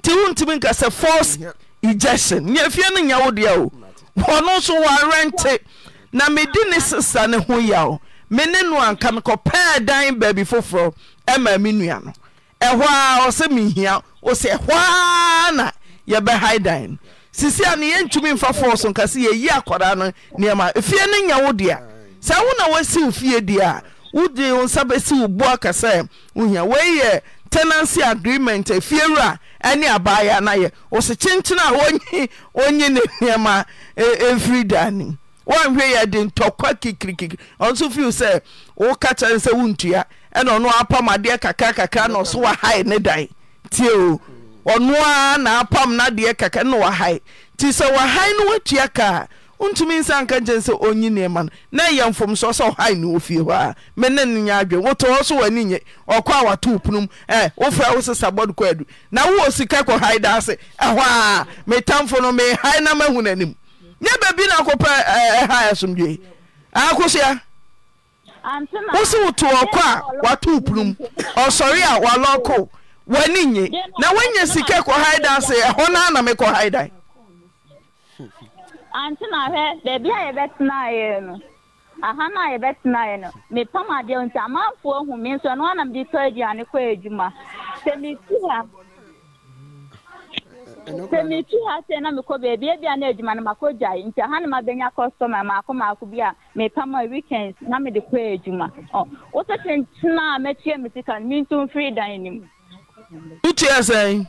nti wo ntumi ka sɛ force egesɛn nyɛ e o aoowaɛnte na medi ne sesa ne ho y mene noa nka mekɔpɛɛ dn baabi foforɔ mamenanohɔɛmeahayɛbɛh sisia no yɛntumi mfa ac kasɛ yɛyi ka nonoɔfie no nya wodea s wonsw ɛ agementa r ne abaayɛ e, na yɛ wo se kyenkyene a ɔnyi ne nneɛma mfiri daa nim woanhwɛ yɛ de ntɔkwa kikirikiri ɔnso fiw sɛ woka kyɛre sɛ wontua ɛna ɔno apam adeɛ kakrakakra na ɔso wahae ne dan o. ɔno ara na apam no adeɛ kakra na wahae nti sɛ wahae no woatua kaa ntumi nsa nka nkyɛne sɛ ɔnyi nneɛma na ɛyɛ mfomsoɔ sɛ ɔhae ne wɔ hɔ a mene nenya adwen wotɔ so w'ani nye ɔkɔ a wato wopnum wofrɛ wo sesa kɔ adu na wowɔ sika kɔhae da ɛhɔ a metamfo no mehae na mahu no nyɛ baabi na akɔpɛ asomdwee wo se woto ɔkɔ a wato wopnum ɔsɔre a walɔko w'ani nye na woanya sika kɔhae da anti na ahwɛ beebi a yɛbɛtena yɛ no aha na a yɛbɛtena yɛ no mepam adeɛ nti amanfoɔ hu mi nso ɛno ana mede tɔ aduane kɔ adwuma sɛ metu ha sɛ metu ha sɛ na mekɔ beebi ebia na adwuma no makɔ gyae nti aha na mabɛnya kɔstɔma maako maako bi a mepam a weekends na mede kɔ adwuma ɔ wosɛ tentena a mɛtua me sika no me nso mfiri dan no mu wotua sɛn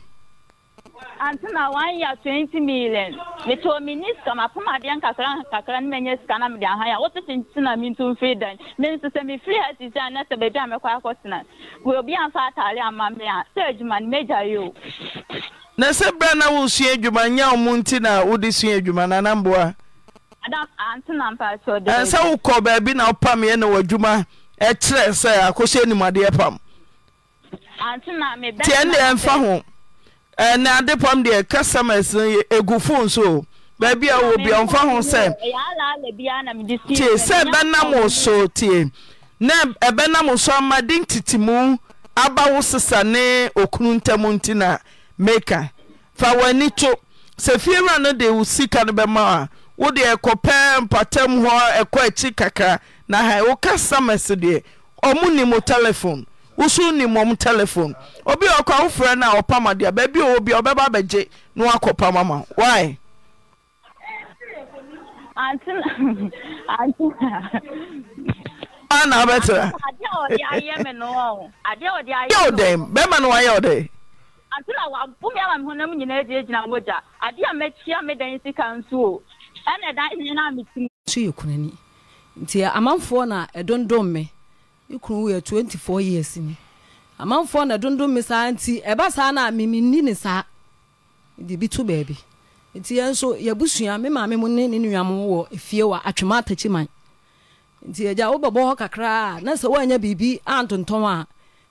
antina one year twenty million metoo mini sika mapomadeɛ nkakra nkakra sika na di aha a wotete ntena mentom firi dan menso sɛ mefiri ha sisi a na sɛ baabi a ya akɔtena obi amfa atare ama me a sɛ adwuma no mɛgya yɛ o na sɛ berɛ na wosua adwuma nya wo nti na edwuma na na ɛkyerɛ sɛ pam tiɛ ne ho ɛne adepɔm deɛ customers no ɛgu fo so baabi a wɔ bia ɔmfa ho sɛ tie sɛ ɛbɛnam wo so tie na ɛbɛnam wo so amaden titemu aba wo sesa ne okunu ntam nti na meka fa w'ani to sɛ fie no de wo sika no bɛma a wode ɛkɔpɛ mpatam hɔ ɛkɔ akyi kakra na ha wo customers deɛ ɔmo ni mo telephone woso ni mmɔm obi ɔkɔ wofrɛ no a ɔpama dea baabi ɔwɔ bia ɔbɛba bɛgye na wakɔ ma wy ana wobɛtera yɛ wo dɛn bɛrima no wayɛ wo dɛn antena wabome ama me honam nyinaa gyina gyina mogya adeɛ a mɛkyia me dan sika nso o ɛna yɛ kunani nti amanfoɔ na ikunu yɛ twenty four years ni amanfoɔ na dundun mi saa nti ɛba saa na mimi ni ne saa de bi to baabi nti yɛn nso yɛbusua mi maame mu ne ne nua wɔ efie wa atwema atakyi man nti ɛgya wobɛbɔ hɔ kakra a na sɛ woanya biribi antontɔn a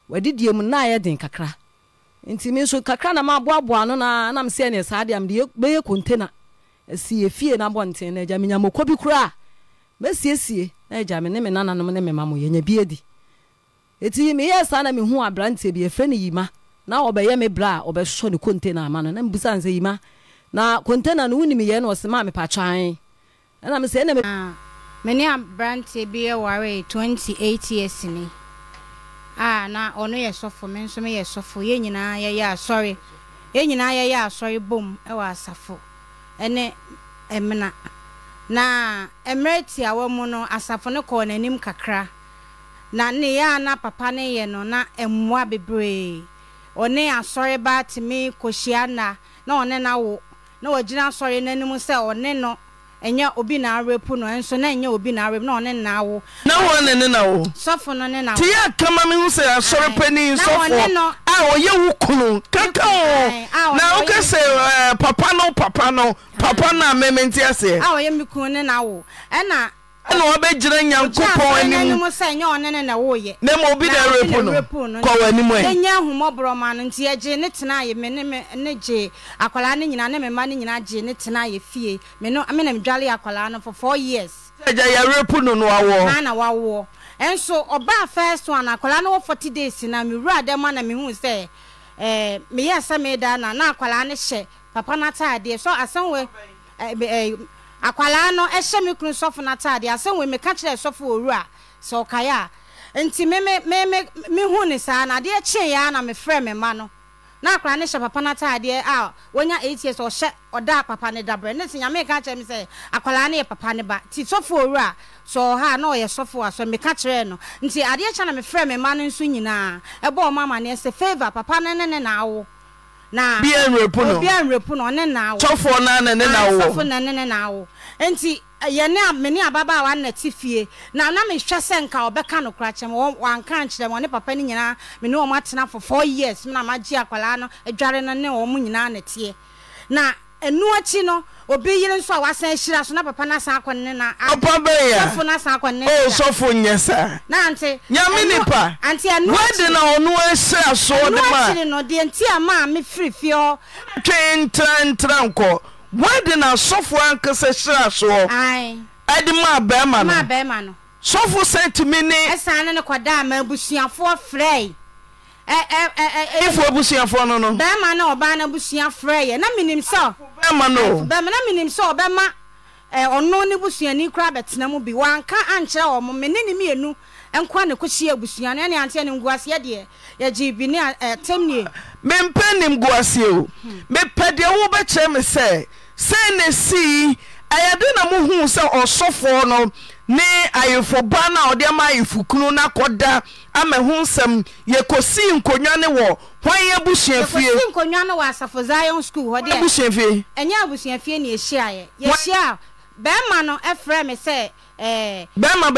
wɔde die mu na den kakra nti mi nso kakra na maboaboa no na nam sɛ ne saa deɛ mede bɛyɛ kontena asi efie na abɔnten na agya menyamokɔ bi koraa mɛsiesie na agya me ne me nananom ne me ma mo yɛnya bi ɛti meyɛ saa na mehu aberante bi ɛfrɛ no yima na ɔbɛyɛ me berɛ a ɔbɛsɔ ne kontena ama no na mebusa ne sɛ yima na kontena no wonimyɛ no ɔse maa mepakwan ɛna mesɛ ɛna me mene aberante bi ɛware 28 years ni a na ɔno yɛ sɔfo me nso meyɛ sɔfo yɛn nyinaa yɛyɛ asɔre yɛn nyinaa yɛyɛ asɔre bom ɛwɔ asafo ɛne ɛmena na mmerɛ tiawa mu no asafo no kɔɔ n'anim kakra na nne ya na papa ne yɛ no na mmoa bebree ɔne asɔre ba tumi kɔhyia na na ɔne na wo na wɔgyina asɔre n'anim sɛ ɔne no ɛnyɛ obi na arepu no nso na ɛnyɛ obi na arepu na ɔne na wo. na wɔn ne ne na wo. sɔfo no ne na wo. te yɛ kama mi sɛ asɔre panyin sɔfo a ɔyɛ wo kunu kaka o na ɔkɛ sɛ papa no papa no papa no a mɛmɛ nti aseɛ. a ɔyɛ mi kunu ne na wo ɛna. ɛna wɔbɛgyina nyankopɔn anim na ma obi da repu no kɔwɔ anim ne gye akwaraa no nyinaa ne mema no nyinaa gye ne tena yɛ fie menam dwale akwaraa no for four years agya yɛrepu no no wawoɔ na wawoɔ ɛnso ɔbaa first one akwalaa no wɔ 40 days na mewura dɛm ana mehu sɛ meyɛ sɛ medaa na na akwalaa no hyɛ papa no ataadeɛ so asɛm wɛ akwaraa no hyɛ me kunu sɔfo no ataadeɛ asɛ wei meka kyerɛ sɔfo ɔwu a sɛ ɔkaeɛ a nti hu ne saa na adeɛ ya na mefrɛ me mma no na akwaraa ne hyɛ papa no ataadeɛ a wanya ats ɔhyɛ ɔda papa no dabrɛ ne sɛ nyame ka kyerɛ me sɛ akwaraa no yɛ papa no ba nti sɔfo ɔwu a sɛ ɔha na ɔyɛ sɔfo a sɛ meka kyerɛ no nti adeɛ kyɛ na mefrɛ me mma no nso nyinaa ɛbɔ ɔma amaneɛ sɛ favor papa no ne ne naawo na nwere bia nwerɛpu notɔfoɔ nane ne nawowɔ nti yɛmene ababa a wanna te fie na na mehwɛ sɛ nka ɔbɛka nokora kyerɛm wanka nkyerɛ m ɔne papa no nyinaa mene ɔm atena fo f years mena magye akwalaa no adware no ne ɔ mu nyinaa neteɛ na ɛnu akyi no obi yere nso a wɔasan hyira so na papa nosa kenpa bɛaoskeo sɔfo nnyɛ saa nyamene pa wadena ɔnoa hyira soɔ de marno dentiamaa me firifiɔ twe ntra ntra nkɔ wadena sofoɔ ankesɛ hyira soɔ ɛde ma baima nobima no sɔfo san tumi nesanene kda maabusuafoɔ frɛ ɛfo eh, eh, eh, abusuafoɔ no no bɛrima na ɔbaa no abusua frɛ yɛ na menim sɛ bɛrima no bɛrima na menim sɛ ɔbɛma ɔno ne busuani koraa bɛtena mu bi wanka ankyerɛ wɔ mo mene ne mmienu nkwa ne kɔhyia abusua no ɛne anteɛ ne nguaseɛ deɛ yɛgye bi ne ɛtɛm nie mempɛ nim guaseɛ o mepɛ deɛ wobɛkyerɛ me sɛ sɛ na sii ɛyɛ de na mohuu sɛ ɔsɔfoɔ no ne ayefɔba no a ɔde ama ayefokunu no akɔda ama ho nsɛm yɛkɔsii nkonnwa ne wɔ hwan yɛ abusua fieabusua fie bɛima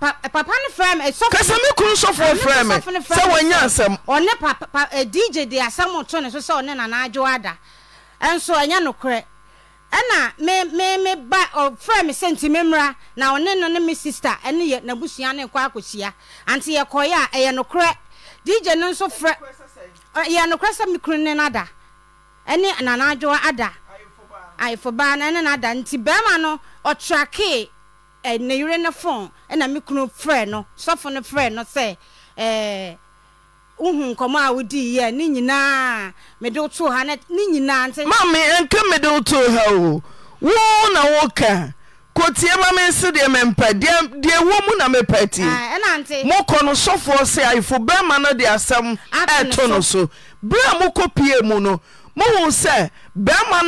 bɛn akasa me kunu sɔfoɔ frɛ me sɛ wɔanya asɛm ɔne eh, dgye de asɛm to ne so sɛ ɔne nanaadwoada ɛnso ɛnyɛ nokorɛ ɛna me ba ɔfrɛ me sɛ nti me mmra na ɔne no ne me sister ɛne yɛ n'abusua ne kɔ akɔhyia anti yɛkɔeɛ a ɛyɛ nokorɛ dj no nso frɛ yɛ nokorɛ sɛ me kunu ne no ada ɛne nanadwoa ada ayefo baa no ɛne nada nti bɛrima no ɔtrakee ne yere ne fon ɛna me kunu frɛ no sɔfo no frɛ no sɛ ɛɛ wohu nkɔmmɔ a wodiiɛ ne nyinaa mede wo too ha ne nyinaa nti maami nke mede wo too ha o wo na ka kotie ma me dị deɛ mempɛ deɛ wɔ mu na mepɛ tie ah, mokɔ no sɔfoɔ se ayefo bɛrima no de asɛm ɛto no so a pie mu no sɛ bɛrima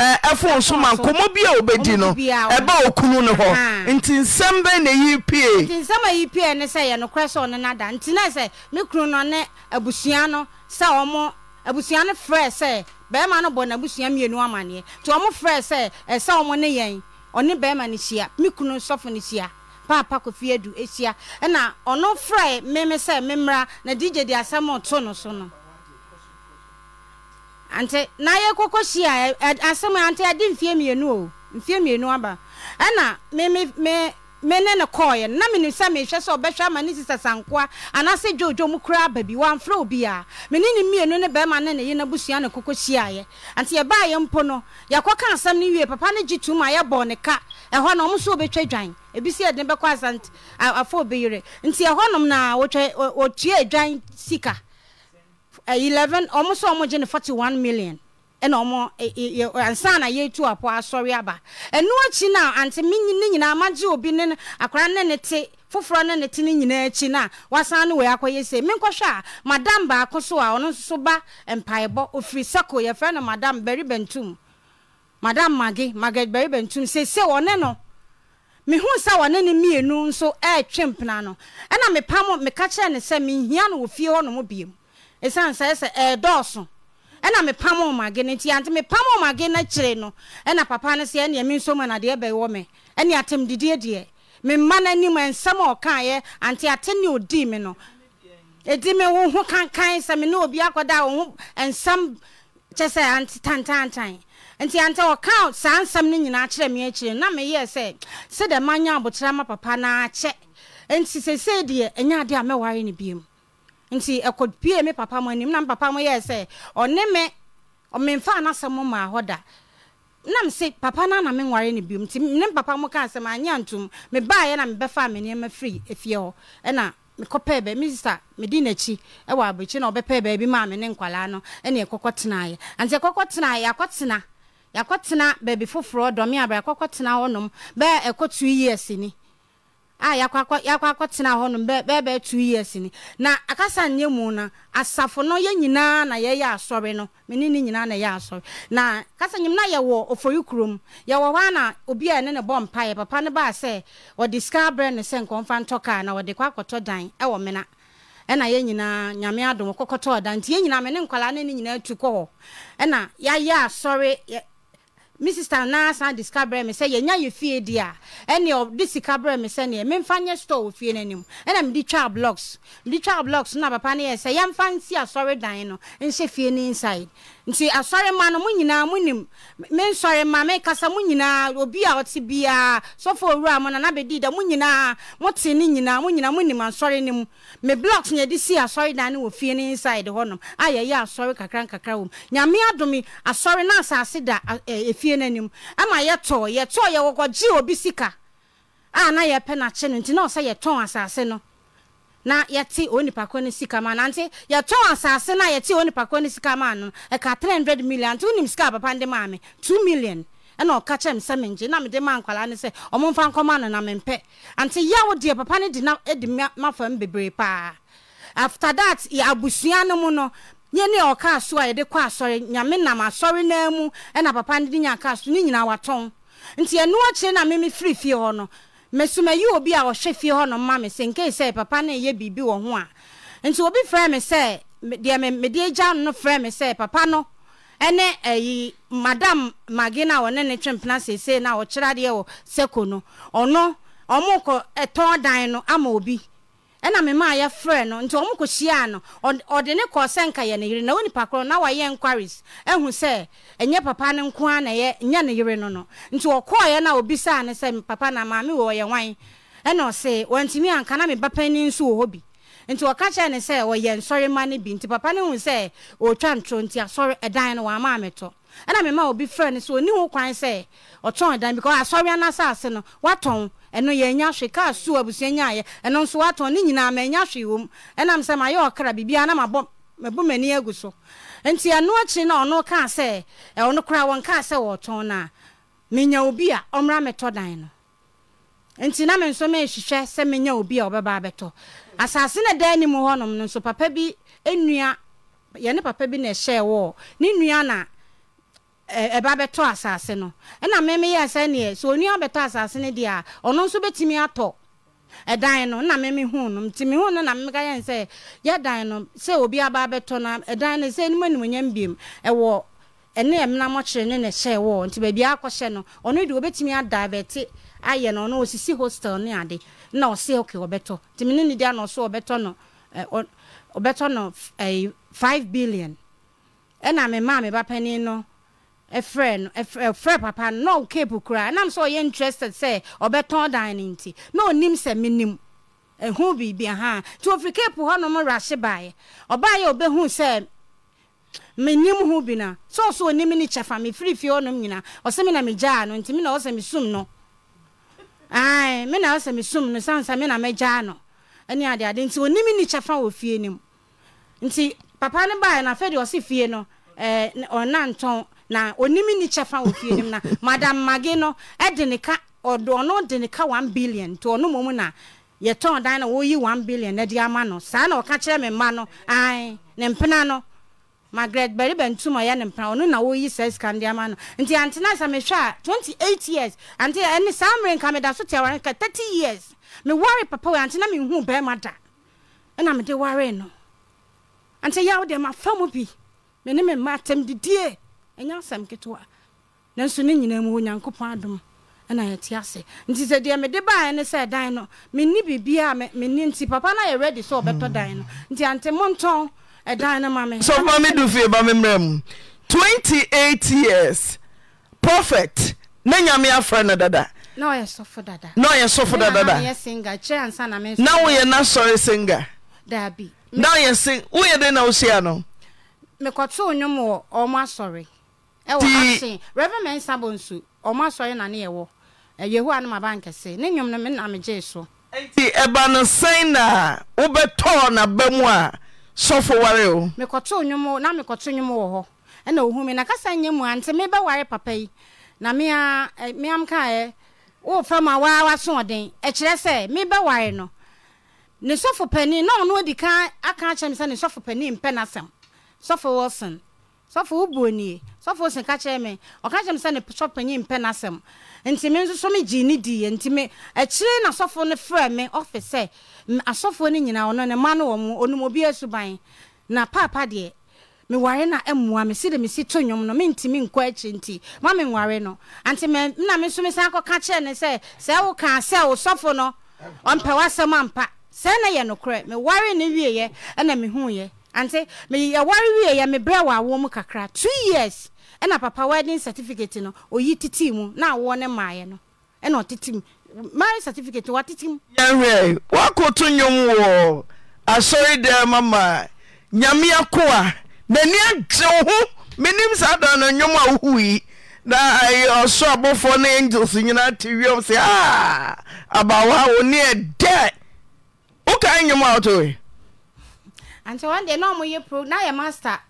ɛfo nso ma nkɔmmɔ bi a wobɛdi no ɛbɛ okunu ne hɔ nti nsɛm bɛ na yi pie nsɛm ntisɛm ayi pie ne sɛ yɛ nokorɛ sɛ ɔne nada nti na sɛ me kunu no ne abusua no sɛ ɔmo abusua no frɛ sɛ bɛrima no bɔ n'abusua mmienu amanneɛ nti ɔmo frɛ sɛ ɛsɛ ɔmo ne yɛn ɔne bɛrima no hyia me kunu sɔfo no hyia paapa kofi adu hyia ɛna ɔno frɛ mmemme sɛ memmra na digye de asɛm ɔto no so no ante na yɛ kɔkɔ hyia asɛm anti ɛde mfie mmienu o mfie mmienu aba ɛna me me me me ne ne kɔɔyɛ na menim sɛ mehwɛ sɛ ɔbɛhwɛ ama ne sisa sankoa anaasɛ dwoodwo mu koraa ba bi wɔamfrɛ obi a mene ne mmienu ne bɛrima ne ne ye busua ne kɔkɔ hyiaeɛ nti yɛbaa yɛ mpo no yɛkɔka asɛm no wie papa no gye tom a yɛbɔɔ ne ka ɛhɔ na ɔmo so wobɛtwa dwan ebi si yɛde bɛkɔ asant afɔ obɛyere nti ɛhɔnom na wɔtwa wɔtua adwan sika Eh, eleven ọmụsọ ọmụ ɔmo gye ne 41 million ɛna ɔmo e, e, e, ansa na yɛtu apɔ asɔre aba ɛno akyi no ante me ne nyinaa amagye obi ne akwara ne ne te foforɔ ne ne te ne nyinaa akyi na wasan ne wei akɔyɛ sɛ menkɔhwɛ a madam baako so a ɔno nso ba mpaebɔ ofiri sɛko yɛfrɛ no madam bari bentum madam magi magi bari bentum sese ɔne no mehu sɛ wɔne ne mmienu nso ɛɛtwe mpena no ɛna mepam meka kyerɛ ne sɛ menhia no wɔ fie hɔ no biemu ɛsiane sɛ sɛ ɛdɔɔso ɛna mepam ɔmage no nti ante mepam ɔmage no akyire no ɛna papa no sɛ ɛneɛ me nso mu anadeɛ bɛwɔ me ɛne atamdidie deɛ memma no anim ɛnsɛm a ɔkaeɛ ante ate ne ɔdii me no ɛdi me wo ho kankan sɛ me ne obi akɔda a wo ho ɛnsɛm kyɛ sɛ ante tantantan nti ante ɔka saa nsɛm no nyinaa kyerɛ me akyire na meyɛɛ sɛ sɛdɛ manya abotra ma papa no akyɛ nti sɛsei deɛ ɛnyɛ ade a mɛware no biom nti ɛkɔ pie me papa mu anim na papa mu yɛɛ sɛ ɔne me ɔmemfa anasɛm maa hɔ da nam se papa na ana menware no biom nti ne papa mu ka sɛm anyɛ ntom mebaeɛ na mebɛfa me nneɛma firi efie hɔ ɛna mekɔpɛɛ baabi mesista medi n'akyi ɛwɔ abɔkyi na ɔbɛpɛɛ baabi maa me ne nkwalaa no ɛne ɛkɔkɔ tenaeɛ anti ɛkɔkɔ tenaeɛ yɛakɔtena yɛakɔtena baabi foforɔ dɔme abrɛ yɛakɔkɔ tena hɔnom bɛɛ ɛkɔ two years ni tena ah, yɛakɔtena hɔnom bɛbɛ two years ni na akasa nyɛ mu na asafo no yɛ nyinaa na yɛyɛ asɔre no mene ne nyinaa na yɛ asɔre na kasa nyim na yɛwɔ ofori kurom yɛwɔ hɔ na obi a ɛne ne bɔ mpaeɛ papa ne baa sɛ wɔde sika brɛ no sɛ nkɔmfa ntɔ kaa na wɔde kɔ akɔtɔ dan ɛwɔ e mena ɛna e ye nyinaa nyame adom kɔkɔtɔɔ dan nti yɛn nyinaa mene nkwalaa ne ne nyinaa tu kɔ hɔ ɛna e yɛayɛ asɔre me sister na san de sika brɛ me sɛ yɛnya yɛ fie di a ɛne ɔde sika brɛ me sɛ neɛ memfa nyɛ store wɔ fie n'anim ɛna mede twa blocks mede twa blocks na papa no yɛ sɛ yɛmfa nsi asɔre dan no nhyɛ fie ni inside nti asɔre ma no mo nyinaa monim mensɔre ma mekasa mo nyinaa obi a ɔte biaa sɔfo owura mo nana bɛdii da mo nyinaa mote ne nyinaa mo nyinaa monim asɔre no mu me blocks na yɛde si asɔre dan no wɔ fie no inside hɔnom a yɛyɛ asɔre kakra nkakra wɔ m nyame adome asɔre na asase da efie no anim ama yɛtɔɔ yɛtɔɔ yɛwɔkɔgye obi sika a na yɛpɛ n'akye no nti na ɔsɛ yɛtɔn asase no na yɛte o nipa ko ne sika ma nante yɛtɔn asase na yɛte o nipa ne sika ma no ɛka three hundred million nti wonim sika papa de maa me two million ɛna ɔka kyerɛ me sɛ mengye na mede ma nkwalaa ne sɛ ɔmo mfa nkɔma no na mempɛ ante yawo deɛ papa ne de na di mafam bebree paa after that yɛ abusua no mu no nye ne ɔka so a yɛde kɔ asɔre nyame nam asɔre naa mu ɛna papa ne de nya ka so ne nyinaa watɔn nti ɛno akyerɛ na meme firi fie hɔ no mesumayi obi a ɔhwɛ fie hɔ nom ma me sɛ nkei sɛ papa no ɛyɛ biribi wɔ ho a nti obi frɛ me sɛ deɛ mede gya no frɛ me sɛ papa no ɛne ayi madam mage no a ɔne ne twempena seesei no a ɔkyerɛ adeɛ wɔ seko no ɔno ɔmo kɔ ɛtɔn dan no ama obi ɛna mema a yɛfrɛ no nti ɔmo kɔhyiaa no ɔde ne kɔɔ sɛ nka yɛ ne yere na wo nipa korɔ na wayɛ enquiries ɛhu sɛ ɛnyɛ papa no nko a na ɛyɛ nyɛ ne yere no no nti ɔkɔɔeɛ no a obisaa ne sɛ papa na maame wɔ ɔyɛ wan ɛna ɔse wɔntumi anka na me ba nso wɔ hɔ bi nti ɔka kyerɛ ne sɛ ɔyɛ nsɔre ma no bi nti papa no hu sɛ ɔretwa ntoro nti asɔre ɛdan no wɔama ametɔ ɛna mema obi frɛ no sɛ ɔni ho kwan sɛ ɔtɔn ɛdan because asɔre anasɛ ase no watɔn ɛno yɛnya hwe kaa su abusua nyaayɛ ɛno nso watɔn ne nyinaa manya hwee wɔ mu ɛnam sɛ mayɛ ɔkra biribiaa na mabɔ mabɔ m'ani agu so nti ɛno akyi na ɔno kaa sɛ ɔno koraa wɔn kaa sɛ wɔtɔn no menya obi a ɔmmra metɔ dan no nti na me nso mehwehwɛ sɛ menya obi a ɔbɛba abɛtɔ asase na dan anim hɔnom no nso papa bi nua yɛne papa bi na ɛhyɛ wɔ ne nua na ɛba bɛtɔ asase no ɛna memeyɛ sɛ neɛ sɛ onua bɛtɔ asase no deɛ a ɔno nso bɛtumi atɔ ɛdan no na meme hu no nti me hu no na memeka yɛn sɛ yɛ dan no sɛ obi aba bɛtɔ no ɛdan no sɛ enim anim animonyam biam ɛwɔ ɛne ɛmena mɔkyere ne ne hyɛ wɔ nti baabi akɔhyɛ no ɔno de wɔbɛtumi adivɛte ayɛ no ɔno ɔsisi hostel ne ade na ɔse ok ɔbɛtɔ nti mene ne deɛ na ɔso ɔbɛtɔ no ɔbɛtɔ no 5 billion ɛna me maa me ba panin no ɛfrɛ no ɛfrɛ papa no na ɔkape koraa nam sɛ ɔyɛ interested sɛ ɔbɛtɔn dan no nti na ɔnim sɛ menim ɛho biribi ha nti ɔfiri kape hɔ nom rahye baeɛ ɔbaeɛ ɔbɛhu sɛ menim ho bi no sɛ ɔso ɔnim no kyɛfa mefiri fie hɔ nom nyina ɔsɛ me na megyaa no nti me na ɔsɛ mesum no ae me na ɔsɛ mesum no sane sɛ me na mɛgyaa no ɛne adeade nti ɔnim ni kyɛfa wɔ fie no mu nti papa no baeɛ no afɛdeɛ ɔse fie no ɔnantɔn na onimi ni kyɛfa wɔ fie nim na madam mage no ɛde ne ka ɔdo ɔno de ne ka one billion nti ɔno mom na yɛtɔn dan na wɔyi one billion na de ama no saa na ɔka kyerɛ me mma no ae ne mpena no margaret bɛri bɛntum ɔyɛ ne mpena ɔno na wɔyi sɛ sika de ama no nti antena sɛ mehwɛ a twenty eight years ante ɛne saa mmere nka meda so te aware ka thirty years meware papa wɔ antena mehu bɛrima da ɛna de ware no ante yɛ de ma mafa bi me ne me mma atɛm didie ɛnyɛ asɛm ketewa nanso ne nyinaa mu onyankopɔn adom ɛna yɛte ase nti sɛ deɛ mede baeɛ ne sɛ dan no menni biribia a menni nti papa no yɛ ready sɛ ɔbɛtɔ mm. dan no nti ante montɔn ɛdan no ma me so ma me do fie ba me mmerɛ mu 28 years prophet na nyame afrɛ no dada na ɔyɛ sɔfo dada na ɔyɛ sɔfo dada da na woyɛ na sɔre singa daabi na ɔyɛ sing woyɛ dɛn na wohyia no mekɔtoo nnwom wɔ ɔmo asɔre ɛwɔ asen reverend nsabo nso ɔmo asɔre na ne yɛwɔ e, yehowa no ma ba nkɛse ne nnwom no me na megye so nti ɛba no sɛn na wobɛtɔɔ n'aba mu a sɔfo ware o mekɔto nnwom na mekɔto nnwom wɔ hɔ ɛna ohu me nakasa nyɛ mu a nti mebɛware papa yi na mea e, meam kaɛ e, wofa mu a waa waso ɔden ɛkyerɛ sɛ mebɛware no ne sɔfo pani na ɔno adi ka aka akyerɛ me sɛ ne sɔfo pani mpɛ n'asɛm sɔfo wilson sɔfo wobuo nie sɔfo sɛ ka kyerɛ me ɔka kyerɛ me sɛ ne sɔpanyi mpɛ no asɛm nti me nso so megyee ne diiɛ nti me akyire na asɔfo no frɛ me ɔfe sɛ asɔfoɔ no nyinaa ɔno ne ma no wɔ mu ɔnom obi asuban na paapa deɛ meware na mmoa me si de mesi to nnwom no mentimi nkɔ akyi nti ma menware no anti na me nso mesan kɔka kyerɛ ne sɛ sɛ wokaa sɛ wo sɔfo no ɔmpɛ w'asɛm ampa sɛ na yɛ nokorɛ meware ne wieɛ ɛna mehuuɛ ante meyɛware wieɛ mebrɛ wɔ awoɔ mu kakra two years ɛna papa wedding certificate no oyi titi mu na awoɔ ne maaeɛ no ɛna ɔtete mu marriage certificate watete mu yɛwerɛ woakoto nnwom wɔ asɔre dɛ mama nyame ako a n'ani agye wo ho menim saa da no nnwom a wohui na ɔsoro abɔfoɔ ne angels nyinaa te wiam sɛ a ah, abawa a wo ne ɛdɛ wokae nnwom a wotoe woka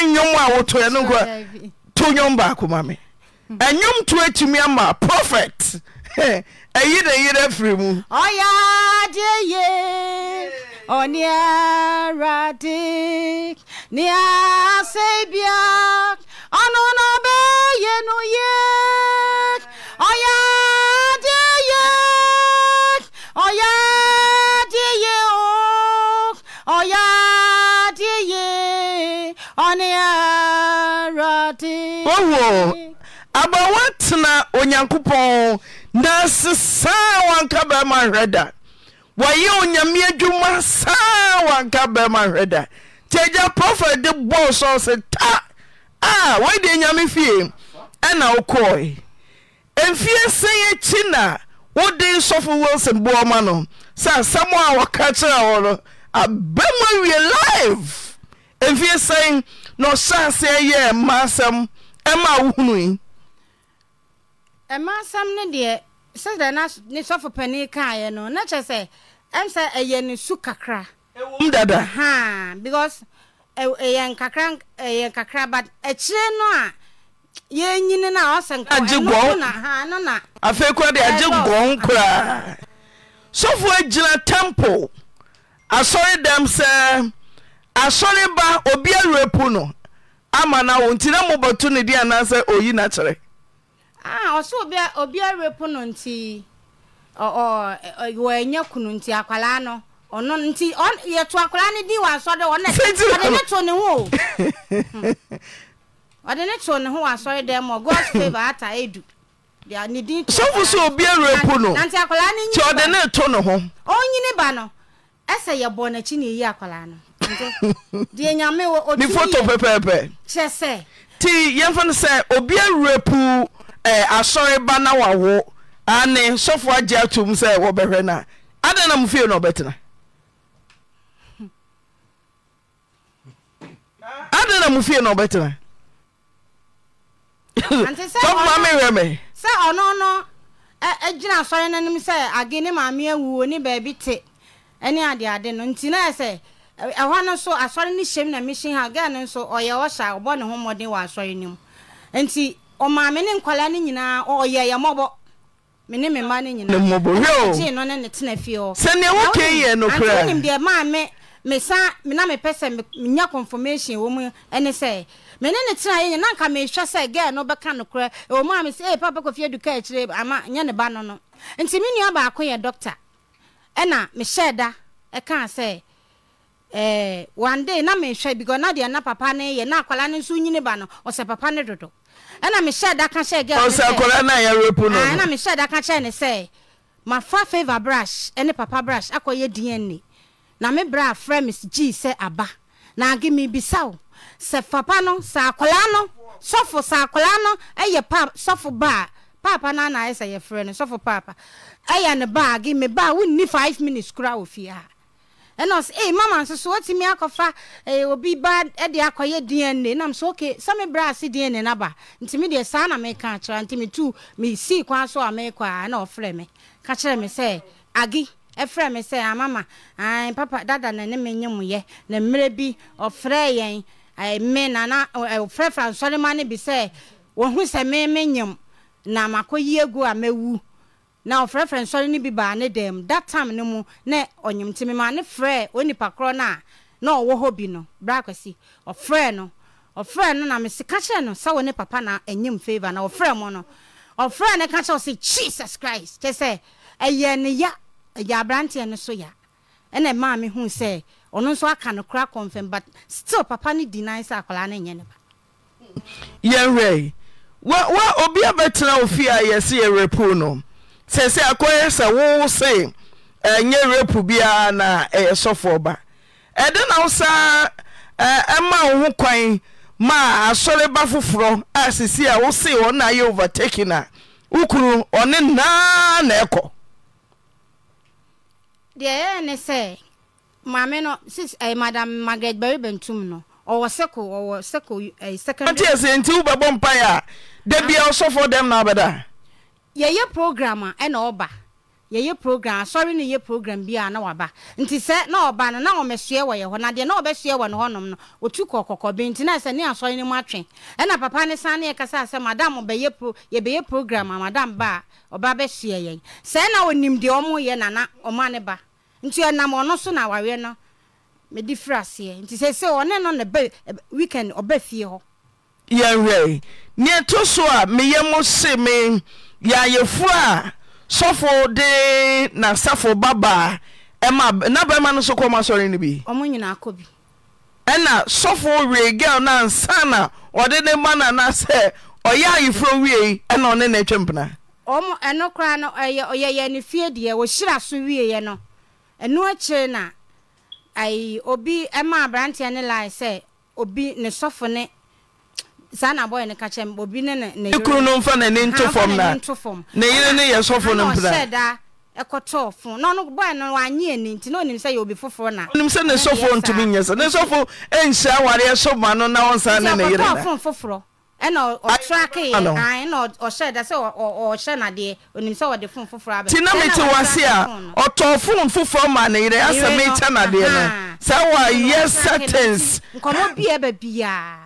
wom a wotɔ anoko to wom baakoma hmm. me awom to atumi ama profet yi ne yeda frimua ohuo aba woatena onyankopɔn na se saa woanka barima ahwerɛ da wɔayɛ onyame adwuma saa wanka barima ahwerɛ da nti agya profet de bɔɔ so se ta a woideɛ nyame fie ɛnna wokɔe mfie sɛeɛ kyi na woden sɔfo wils boɔ ma no sɛ asɛm a wɔkaa kyerɛ wɔ no abɛmɔ awie life mfie sɛn na ɔhyɛ aseɛ yɛ mma asɛm ɛma wohunu yi ɛma asɛm no deɛ sɛdɛ na ne sɔfo pani kaeɛ no na kyerɛ sɛ ɛm sɛ ɛyɛ ne su kakra ɛwom dada ha because ɛyɛ nkakra ɛyɛ nkakra but akyire no a yɛnyini no a ɔsɛ agye gɔn afei kora de agye gɔn koraa sɔfo agyina temple asɔre dɛm sɛ asɔre obi awerɛpu no ama no wo na mobɛto no di anaasɛ oyi na kyerɛ ah, ɔsɛ obi awerɛpu ọ ọ wɔanya kunu nti akwalaa ọ ɔno nti yɛto akwalaa no din wɔ asɔre ɔde ne to ne ho hmm. ɔde ne to ne ho wɔ asɔre dɛn mɔ god's ata edu sɛfo sɛ obi awerɛpu nonti ɔde ne to ne ho ɔnyini ba no ɛsɛ yɛbɔ n'akyi na eyi akwalaa no ne foto pɛpɛɛpɛ nti yɛmfa no sɛ obi awerɛ pu asɔre ba na wawo ane sɔfoɔ agye atom sɛ wɔbɛhwɛ no a adɛn na mufie na ɔbɛtena adɛn na mufie na ɔbɛtena sɔfoɔ mewɛ me sɛ ɔno no gyina asɔre no nom sɛ age ne maame awuo ne beebi te ne adeade no nti na Eh, ɛhɔ no na mesin ha gaa no nso ɔyɛ ɔhyɛ ɔbɔ ne ho mmɔden wɔ asɔre no mu nti ne nkwadaa nyinaa ɔyɛ yɛ mmɔbɔ me ne me mma no no ne ne tena fie hɔ wokɛ yɛ no deɛ maa me na mepɛ sɛ menya confirmation wɔ mu ɛne sɛ me ne ne tena nka sɛ gaa no bɛka nokorɛ ɛwɔ mu a me sɛ papa kofi du akyire ama nyɛ ne ba no no nti me nua baako yɛ dɔkta ɛna da wande eh, na mehwɛ because na deɛ na papa ne yɛ na akwara ne nso nyini ba no ɔsɛ papa eh, no dodo ah, ɛna mehyɛ daka ka kyɛ gɛl ɔsɛ akwara na yɛ repu no ɛna mehyɛ daka ka ne sɛ mafa favor brush eh, ne papa brush akɔyɛ dna na me bra frɛ miss g sɛ aba na age mebisa wo sɛ papa no sɛ akwara no sɔfo sɛ akwara no yɛ pa sɔfo baa papa no anaayɛ sɛ yɛfrɛ no sɔfo papa ɛyɛ ne baage me baa wonni five minutes koraa wɔ fie ha ɛna ɔsɛ ee mama nso so wɔtumi akɔfa ee eh, obi ba ɛde eh, akɔyɛ dna nam so okay sɛmi bra ase dna naba ntumi deɛ saa na meka akyerɛ ntumi tu mi sii kwan so a mekɔ a ɛna ɔfrɛ mi ka kyerɛ mi sɛ agi ɛfrɛ mi sɛ amama ah, ɛn papa dada na ne mi nye mu yɛ na mmerɛ bi ɔfrɛ yɛn ɛɛ eh, mi nana ɛɛ ɔfrɛfrɛ nsɔlima ne bi sɛ wɔn ho sɛ mi mi nye mu na makɔ yie gu a mɛwu. na ɔfrɛfrɛ nsɔre no bi baa ne dɛm that time no mu na ɔnyim ntimi ma ne frɛ onipa korɔ no a na ɔwɔ hɔ bi no bra kwasi ɔfrɛ no ɔfrɛ no na mesika kyerɛ no sɛ wo ne papa na ɛnyim favor na ɔfrɛ mu no ɔfrɛ no ka kyerɛ sɛ jesus christ kyɛ sɛ ɛyɛ ne ya ɛyɛ aberanteɛ no so ya ɛna ɛmaa me hu sɛ ɔno nso aka no kora confirm but still papa no deny sɛ akwaraa no nyɛ ne ba yɛwerɛ wa wa obi abɛtena ofie a yɛse yɛwerɛ poo no sɛsɛ akụ sɛ wo se ɛnyɛ werɛpu na ɛyɛ sɔfoɔ ba na wo saa ɛma kwan ma asɔre foforọ a sisi a wo see na ayɛ overtaking naa na ekọ deɛ ɛyɛ ne sɛ maame no madam margaret berry no ɔwɔ sɛko ɔwɔ sɛko secondary nti a ah. na yɛyɛ program a ɛna ɔba yɛyɛ program asɔre no yɛ program bi a na waba nti sɛ na ɔba no na ɔmɛsoɛ wɔ yɛ hɔ na deɛ na ɔbɛsoɛ wɔ no hɔnom no otu kɔ kɔkɔ bi nti na sɛ ne asɔre no mu atwe ɛna papa ne san ne yɛkasa sɛ madam bɛyɛ pro yɛbɛyɛ program a madam ba a ɔba bɛsoɛ yɛn sɛ na ɔnim deɛ ɔmo yɛ nana ɔma ne ba nti ɛnam ɔno so na awareɛ no mede firi aseɛ nti sɛ sɛ ɔne no ne bɛ weekend ɔbɛ fie hɔ yɛnwerɛ neɛ to so a meyɛ mo se me yɛayɛfuro a sɔfo de nasafo babaa ɛma na barima no so kɔma sɔre no bi ɛna sɔfo wiei gal no ansa na ɔde ne ma nana sɛ ɔyɛ ayefuro wiei ɛna ɔne ne atwampena ɛno koraa no yɛyɛ ne fie deɛ wɔhyira so wieeɛ no ɛno akyiri na obi ma aberanteɛ ne li sɛ obi ne sɔfo ne n kur no mfa no ne ntofɔm no ne yere ne yɛ sɔfo no mpra onim sɛ ne sɔfoɔ ɔntumi nyɛ sɛ ne nsɔfo anhyira awareɛsɔ ma no na ɔnsa ne ne yere anti na mete wa se a ɔtɔɔfom foforɔ ma ne yere asɛ me eta nadeɛ no sɛ wɔyɛ satans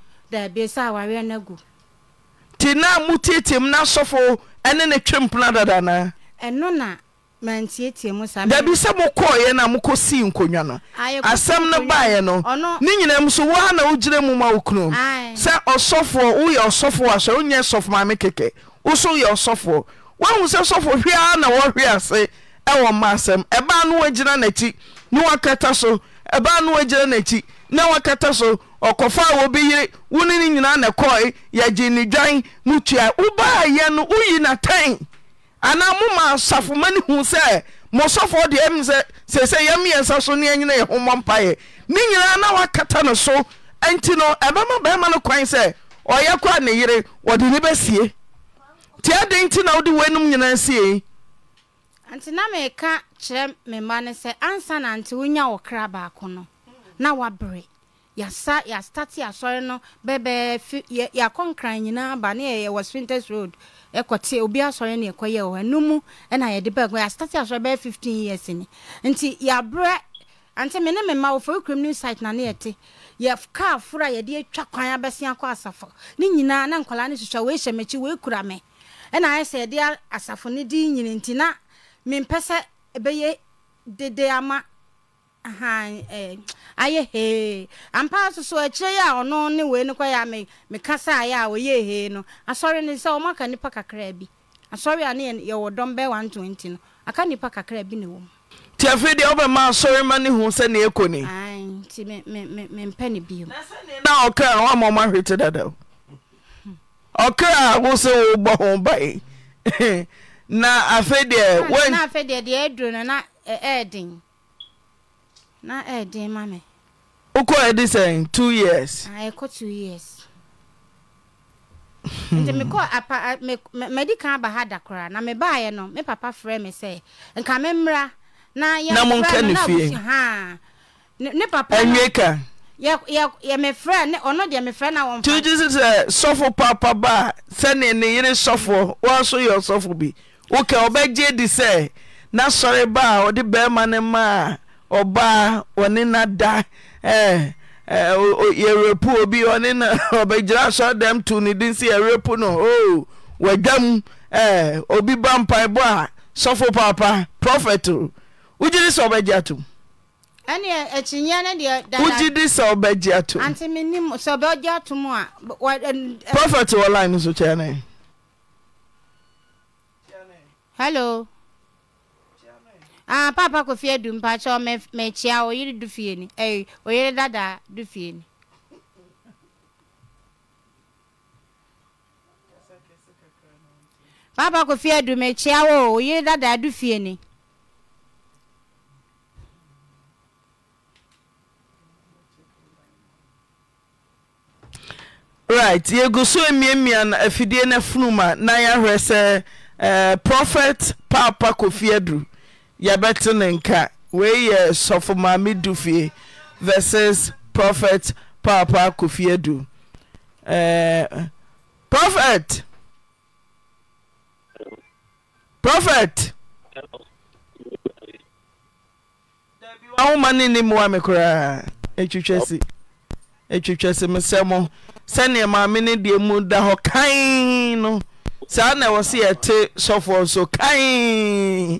nti na motietim na sɔfo ɛne ne twempena dada naadabi sɛ mokɔɔeɛ no mokɔ sii na no asɛm no baeɛ no ne nyinam so wo na wogyina mu ma wo sɛ ɔsɔfoɔ woyɛ ɔsɔfoɔ asɛ wonyɛ sɔfomaame kɛkɛ wo so woyɛ ɔsɔfoɔ woahu sɛ sɔfoɔ hwe ara na wɔhwe ase ɛwɔ mma asɛm ɛbaa no waagyina n'akyi ne woakata so ɛbaa no waagyina n'akyi na wakata so ɔkɔfa a wɔbi yere wo ne ne nyinaa na kɔe yɛgye ne dwan mu tua wobaa yɛ no woyi natan anaa moma asafoma ne hu sɛ mosɔfoɔ deɛ m sɛ seesɛ yɛmyɛ nsa so ne ɛnyina yɛ mpa mpaeɛ ne nyinaa na wakata no so ɛnti no ɛbɛma bɛrima no kwan sɛ ɔyɛ kɔ a ne yere wɔde ne bɛsie nti adɛn nti na wode w'anom nyinaa siei anti na meka kyerɛ me mma no sɛ ansa na ante wonya wɔ kra baako no na wabere yasa yastate asɔre no bɛbɛɛfi yɛ yakɔ nkran nyinaa ba ne yɛ wɔ Sprinters road ɛkɔte obi asɔre ne ɛkɔyɛ wɔ ɛnu mu ɛna yɛde bɛɛ yastate asɔre bɛyɛ fifteen years ni nti yabrɛ ante me ne me ma wɔfɔ kurom ne site na ne yɛte yɛ kaa foro a yɛde atwa kwan abɛsia kɔ asafo ne nyinaa na nkɔla ne sosa wei hyɛ m'akyi wei kura me ɛna ayɛ sɛ yɛde asafo ne di nyini nti na mempɛ sɛ ɛbɛyɛ dede ama Eh, ayɛ hee eh. ampa soso yi a ɔno ne wei no kɔyɛ a mekasa ayɛ a hee no asɔre no sɛ aka nipa kakra bi asɔre a ne yɛwɔ dɔm aka nipa kakra bi ne wɔ mu nti afei deɛ wobɛma asɔre ma ne hu sɛ ne nti ne na ɔkra e, e, e no ɔma hwete dada ɔkra wo ho na deɛ na deɛ deɛ na na na ɛɛden ma me wokɔ ɛde sɛn two years ɛkɔ two years nti mekɔ apa madi kan aba ha da koraa na mebaeɛ no me papa frɛ me sɛ nka memmra na yɛmfrɛ no na abusu haa ne papa ɛnwe ka yɛmefrɛ ne ɔno deɛ mefrɛ na wɔmfa tugye se sɛ sɔfo papa ba a sɛne ne yere sɔfo woa so yɛ ɔsɔfo bi wokɛ ɔbɛgye di sɛ na sɔre ba a ɔde bɛrima ne ma a ɔbaa ɔne nadayɛawerɛ pu obi ɔne n ɔbɛgyira sɔ dɛm to ne den sɛ yɛwerɛ po noo wɔadwam obi ba mpai bɔ a sɔfo paapa profeto wogyide sɛ ɔbɛgye ato mwoy sɛ ɔbɛye ato m profet wɔle no so kyɛɛ ne ah papa kofi adu mpakyɛ mɛkyia ɔyere du fie ni ɛy ɔyere dada du fie ni. papa kofi me chia o ɔyere dada du fie ni. right yɛgu so emiamia afidie no funum a na yɛahwɛ sɛ eh, prophet papa kofi du. yɛbɛtene nka weiyɛ sɔfo maame du fie verses profet paapaa ko fie d eh, profɛt profet a woma ne nim wa me koraa twitws twitwa se mesɛm sɛdeɛ maame ne deɛ mu da hɔ kai no saa na ɛwɔ sɛyɛte sɔfoɔ nso kai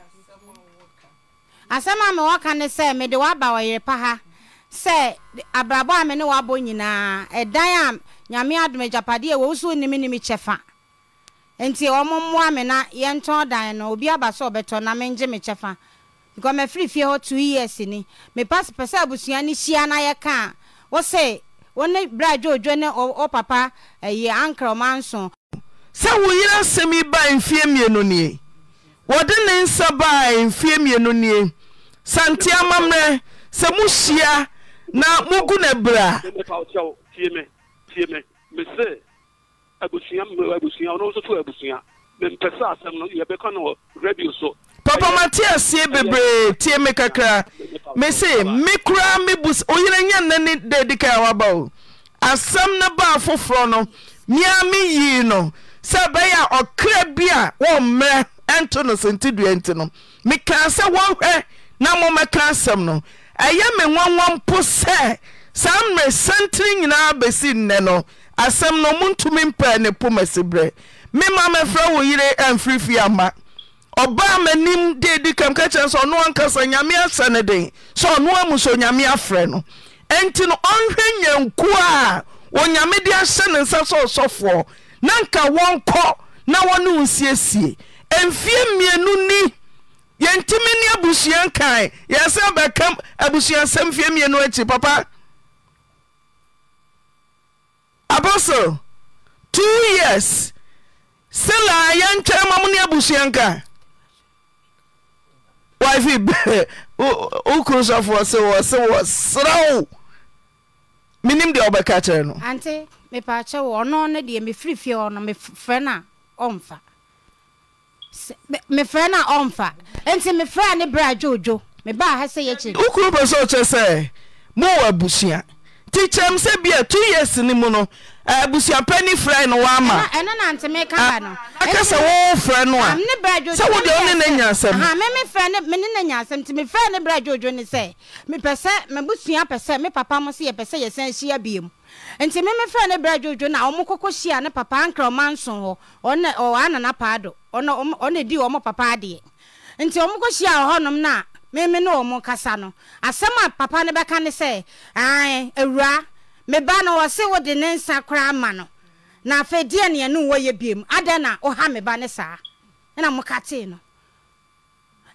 asɛm a mewɔka ne sɛ mede waba ɔyere pa ha sɛ abrabɔ a me ne wabɔ nyinaa ɛdan a nyame adom agyapadeɛ wɔwo so nim nim kyɛ nti ɔmo mmoa me na yɛntɔn dan no obi aba sɛ ɔbɛtɔ na mengye me kyɛ fa because mafiri fie hɔ two years ni mepa pɛ sɛ abusua no hyia na yɛka a wo se wo ne berɛ dwoodwo ne ɔpapa ɛyɛ ankra ɔma nso sɛ wo yera asɛm yi ba mfeɛ mmienu nie wɔde ne nsa baa mfeɛ mmienu nie santiama mmerɛ sɛ mohyia na mogu na bra papa mate aseɛ bebree tie me kakra me se me koraa me bus oyere nya nnane da adi kan waba o asɛm no baa foforɔ no mea me yii no sɛ ɛbɛyɛ a ɔkra bi a wɔmmerɛ ɛnto no sentidua nti no mekaa sɛ wɔhwɛ na mɔmɛkra asɛm no ɛyɛ me nwɔnwɔ mpo sɛ saa mmerɛ santine nyinaa bɛsi nnɛ no asɛm no montumi mpɛ ne pomasiberɛ mema mɛfrɛ wɔ yere amfiifie ama ɔbaa manim dedi kɛmkɛkyɛn sɛ ɔnoanka sa nyame asɛne den sɛ ɔnoa mu so nyame afrɛ no ɛnti no ɔnhwɛ nwanku a wɔ nyamede ahyɛ ne nsa sɛ ɔsɔfoɔ na nka wɔnkɔ na wɔne wo siesie mfiemni yɛntimi ne abusua kae yɛ sɛ bɛka abusuasɛm fiamɛno akyi papa apostle t years selea yɛntwɛrɛ ma mone abusuan ka fwokosofoɔswɔsewɔ serɛo meni deɛ wɔbɛka kyerɛ nonmpakɛ ɔeɛ mefrfie fɛ ɔmfa nti mefra ne bra dwoodwo meba ha sɛ yɛkyiri wokuru pɛ sɛ ɔkyɛ sɛ mowɔ abusua nti kyerɛm sɛ bia two years ne mu no abusua pɛ ne frɛ no woama ɛno na nteme kaba ah, no aka sɛ wo frɛ no a sɛ wode wone na ah, nya asɛm mene na nya asɛm nti mefrɛ ne bra dwoodwo ne sɛ mepɛ sɛ mabusua pɛ sɛ me papa mo ya yɛpɛ sɛ yɛsan hyia biam nti me mefrɛ ne bra dwoodwo na ɔmo kɔkɔ hyia ne papa ankra ɔma nson hɔ ana na paa do ɔne di ɔmo papa adeɛ nti ɔmokɔhyia ɔhɔnom no meme ne ɔ mo kasa no asɛm a papa no bɛka ne sɛ awura meba no ɔse wode ne nsa koraa ma no na afei deɛ neɛne wɔyɛ bimu adɛn na woha meba ne saa na moka tee no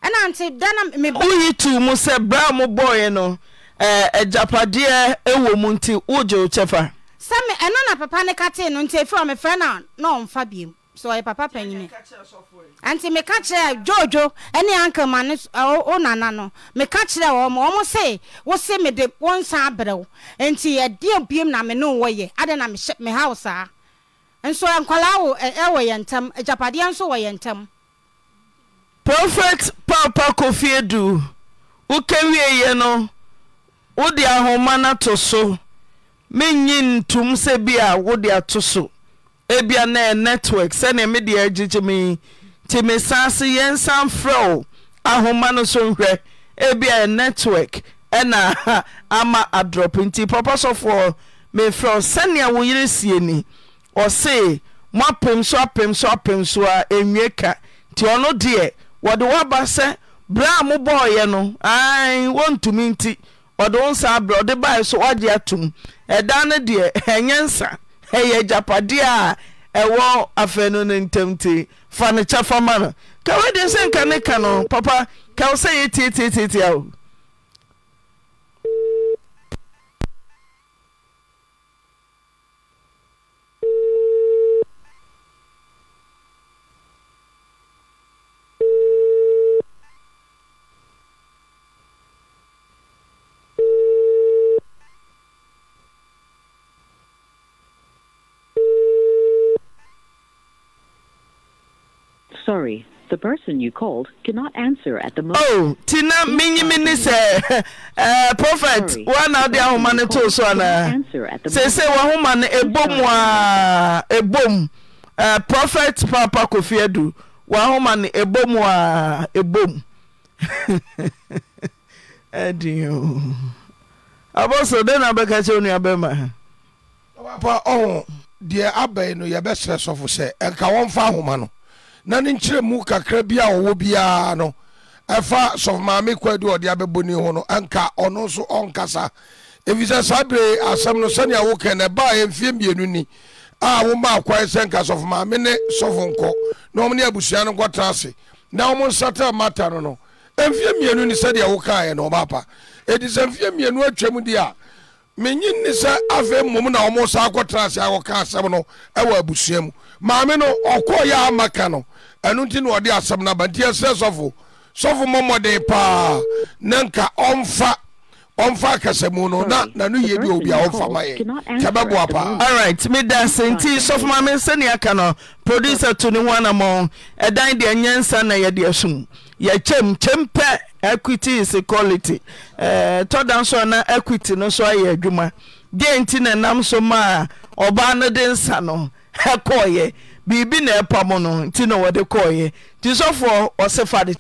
woyi too mu sɛ berɛ a mobɔeɛ no agyapadeɛ eh, eh, wɔ mu nti wogye wo kyɛfa sɛme ɛno na papa ne ka no nti ɛfiri na na ɔmfa bimu s ɔyɛ papa panyin ɛnti meka kyerɛ dwoodwo ɛne ankle ma neo nana no meka kyerɛɛ wɔn m ɔmo se wose mede wo nsa aberɛwo enti ɛdea obiom na me ne wɔyɛ adɛ na emehawo saa nso ɛnkwara woɛwɔ yɛ ntɛm agyapadeɛ nso wɔ yɛ ntɛm profɛt pawpa kofiedu wokɛ wie yɛ no wode ahoma no to so menyi nto sɛ b awodeoo ebia na yɛ network sɛnea mede agyegye me nti mesan se yɛnsan frɛ wo ahoma no so nhwɛ ebia yɛ network ɛna ama adrɔp nti papa sɔfoɔ mefrɛ wo sɛnea wo yere sie ni ɔse mo apem so apem so apem so a enwie ka nti ɔno deɛ wɔde waba sɛ bra a mobɔɔyɛ no ae wɔntumi nti ɔde wo nsa abrɛ ɔde bae so wɔagye atom ɛdan no deɛ ɛnyɛ nsa ɛyɛ gyapadeɛ a ɛwɔ afa nu no ntam nti fa no kyɛfa ma no kawodi sɛnka ne ka no papa kawo sɛ yɛtitititi ao Sorry, the person you called cannot answer at the moment. Oh, Tina, mini mini say, uh, prophet, one out there woman to so na. Say say one woman a boom wa a boom. Uh, prophet Papa Kofi Edu, one woman a boom wa a boom. Edu, eh, aboso den abeka che onu abema. Papa, oh, dear abai no yabesre sofo say, enka won fa ahoma na ne nkyerɛmu kakra bi a ɔwɔ biara no ɛfa sɔfmaame kwadu ɔde abɛbɔ ni ho no ɛnka ɔno nso ɔnkasa efisɛ saa bere asɛm no sɛnea wokɛ na ɛbaa yɛ mmienu ni a woma akwae sɛ nka sɔfmaame ne sɔfo nkɔ na ɔmo ne abusua no nkɔtena ase na ɔmo nsata mata no no mfie mmienu ni sɛdeɛ wokaeɛ na ɔba apa ɛdi sɛ mfie mmienu atwam deɛ a menyi ni sɛ afei mmom na ɔmo sa akɔtena ase akɔka asɛm no ɛwɔ abusua mu maame no ɔkɔɔ yɛ amaka no ɛnonti na ɔde asɛm no ba nti ɛsɛ sɔfo sɔfo mɔmɔde paa nenka ɔmfa ɔmfa kasamu nanbɔfmyɛɛpa meda sɛ nti sɔfo ma mensɛne aka no produser to ne h anamɔ dan deɛ nyɛnsa na yɛdesm kyɛ kyɛ pɛ equity sclity ɔdasna equity no s yɛ adwuma deɛ nti n nams maa ɔba no de nsa no kɔyɛ biribi na ɛpa mu no nti na wɔde kɔɔyɛ nti sofoɔ ɔse fa no kyɛ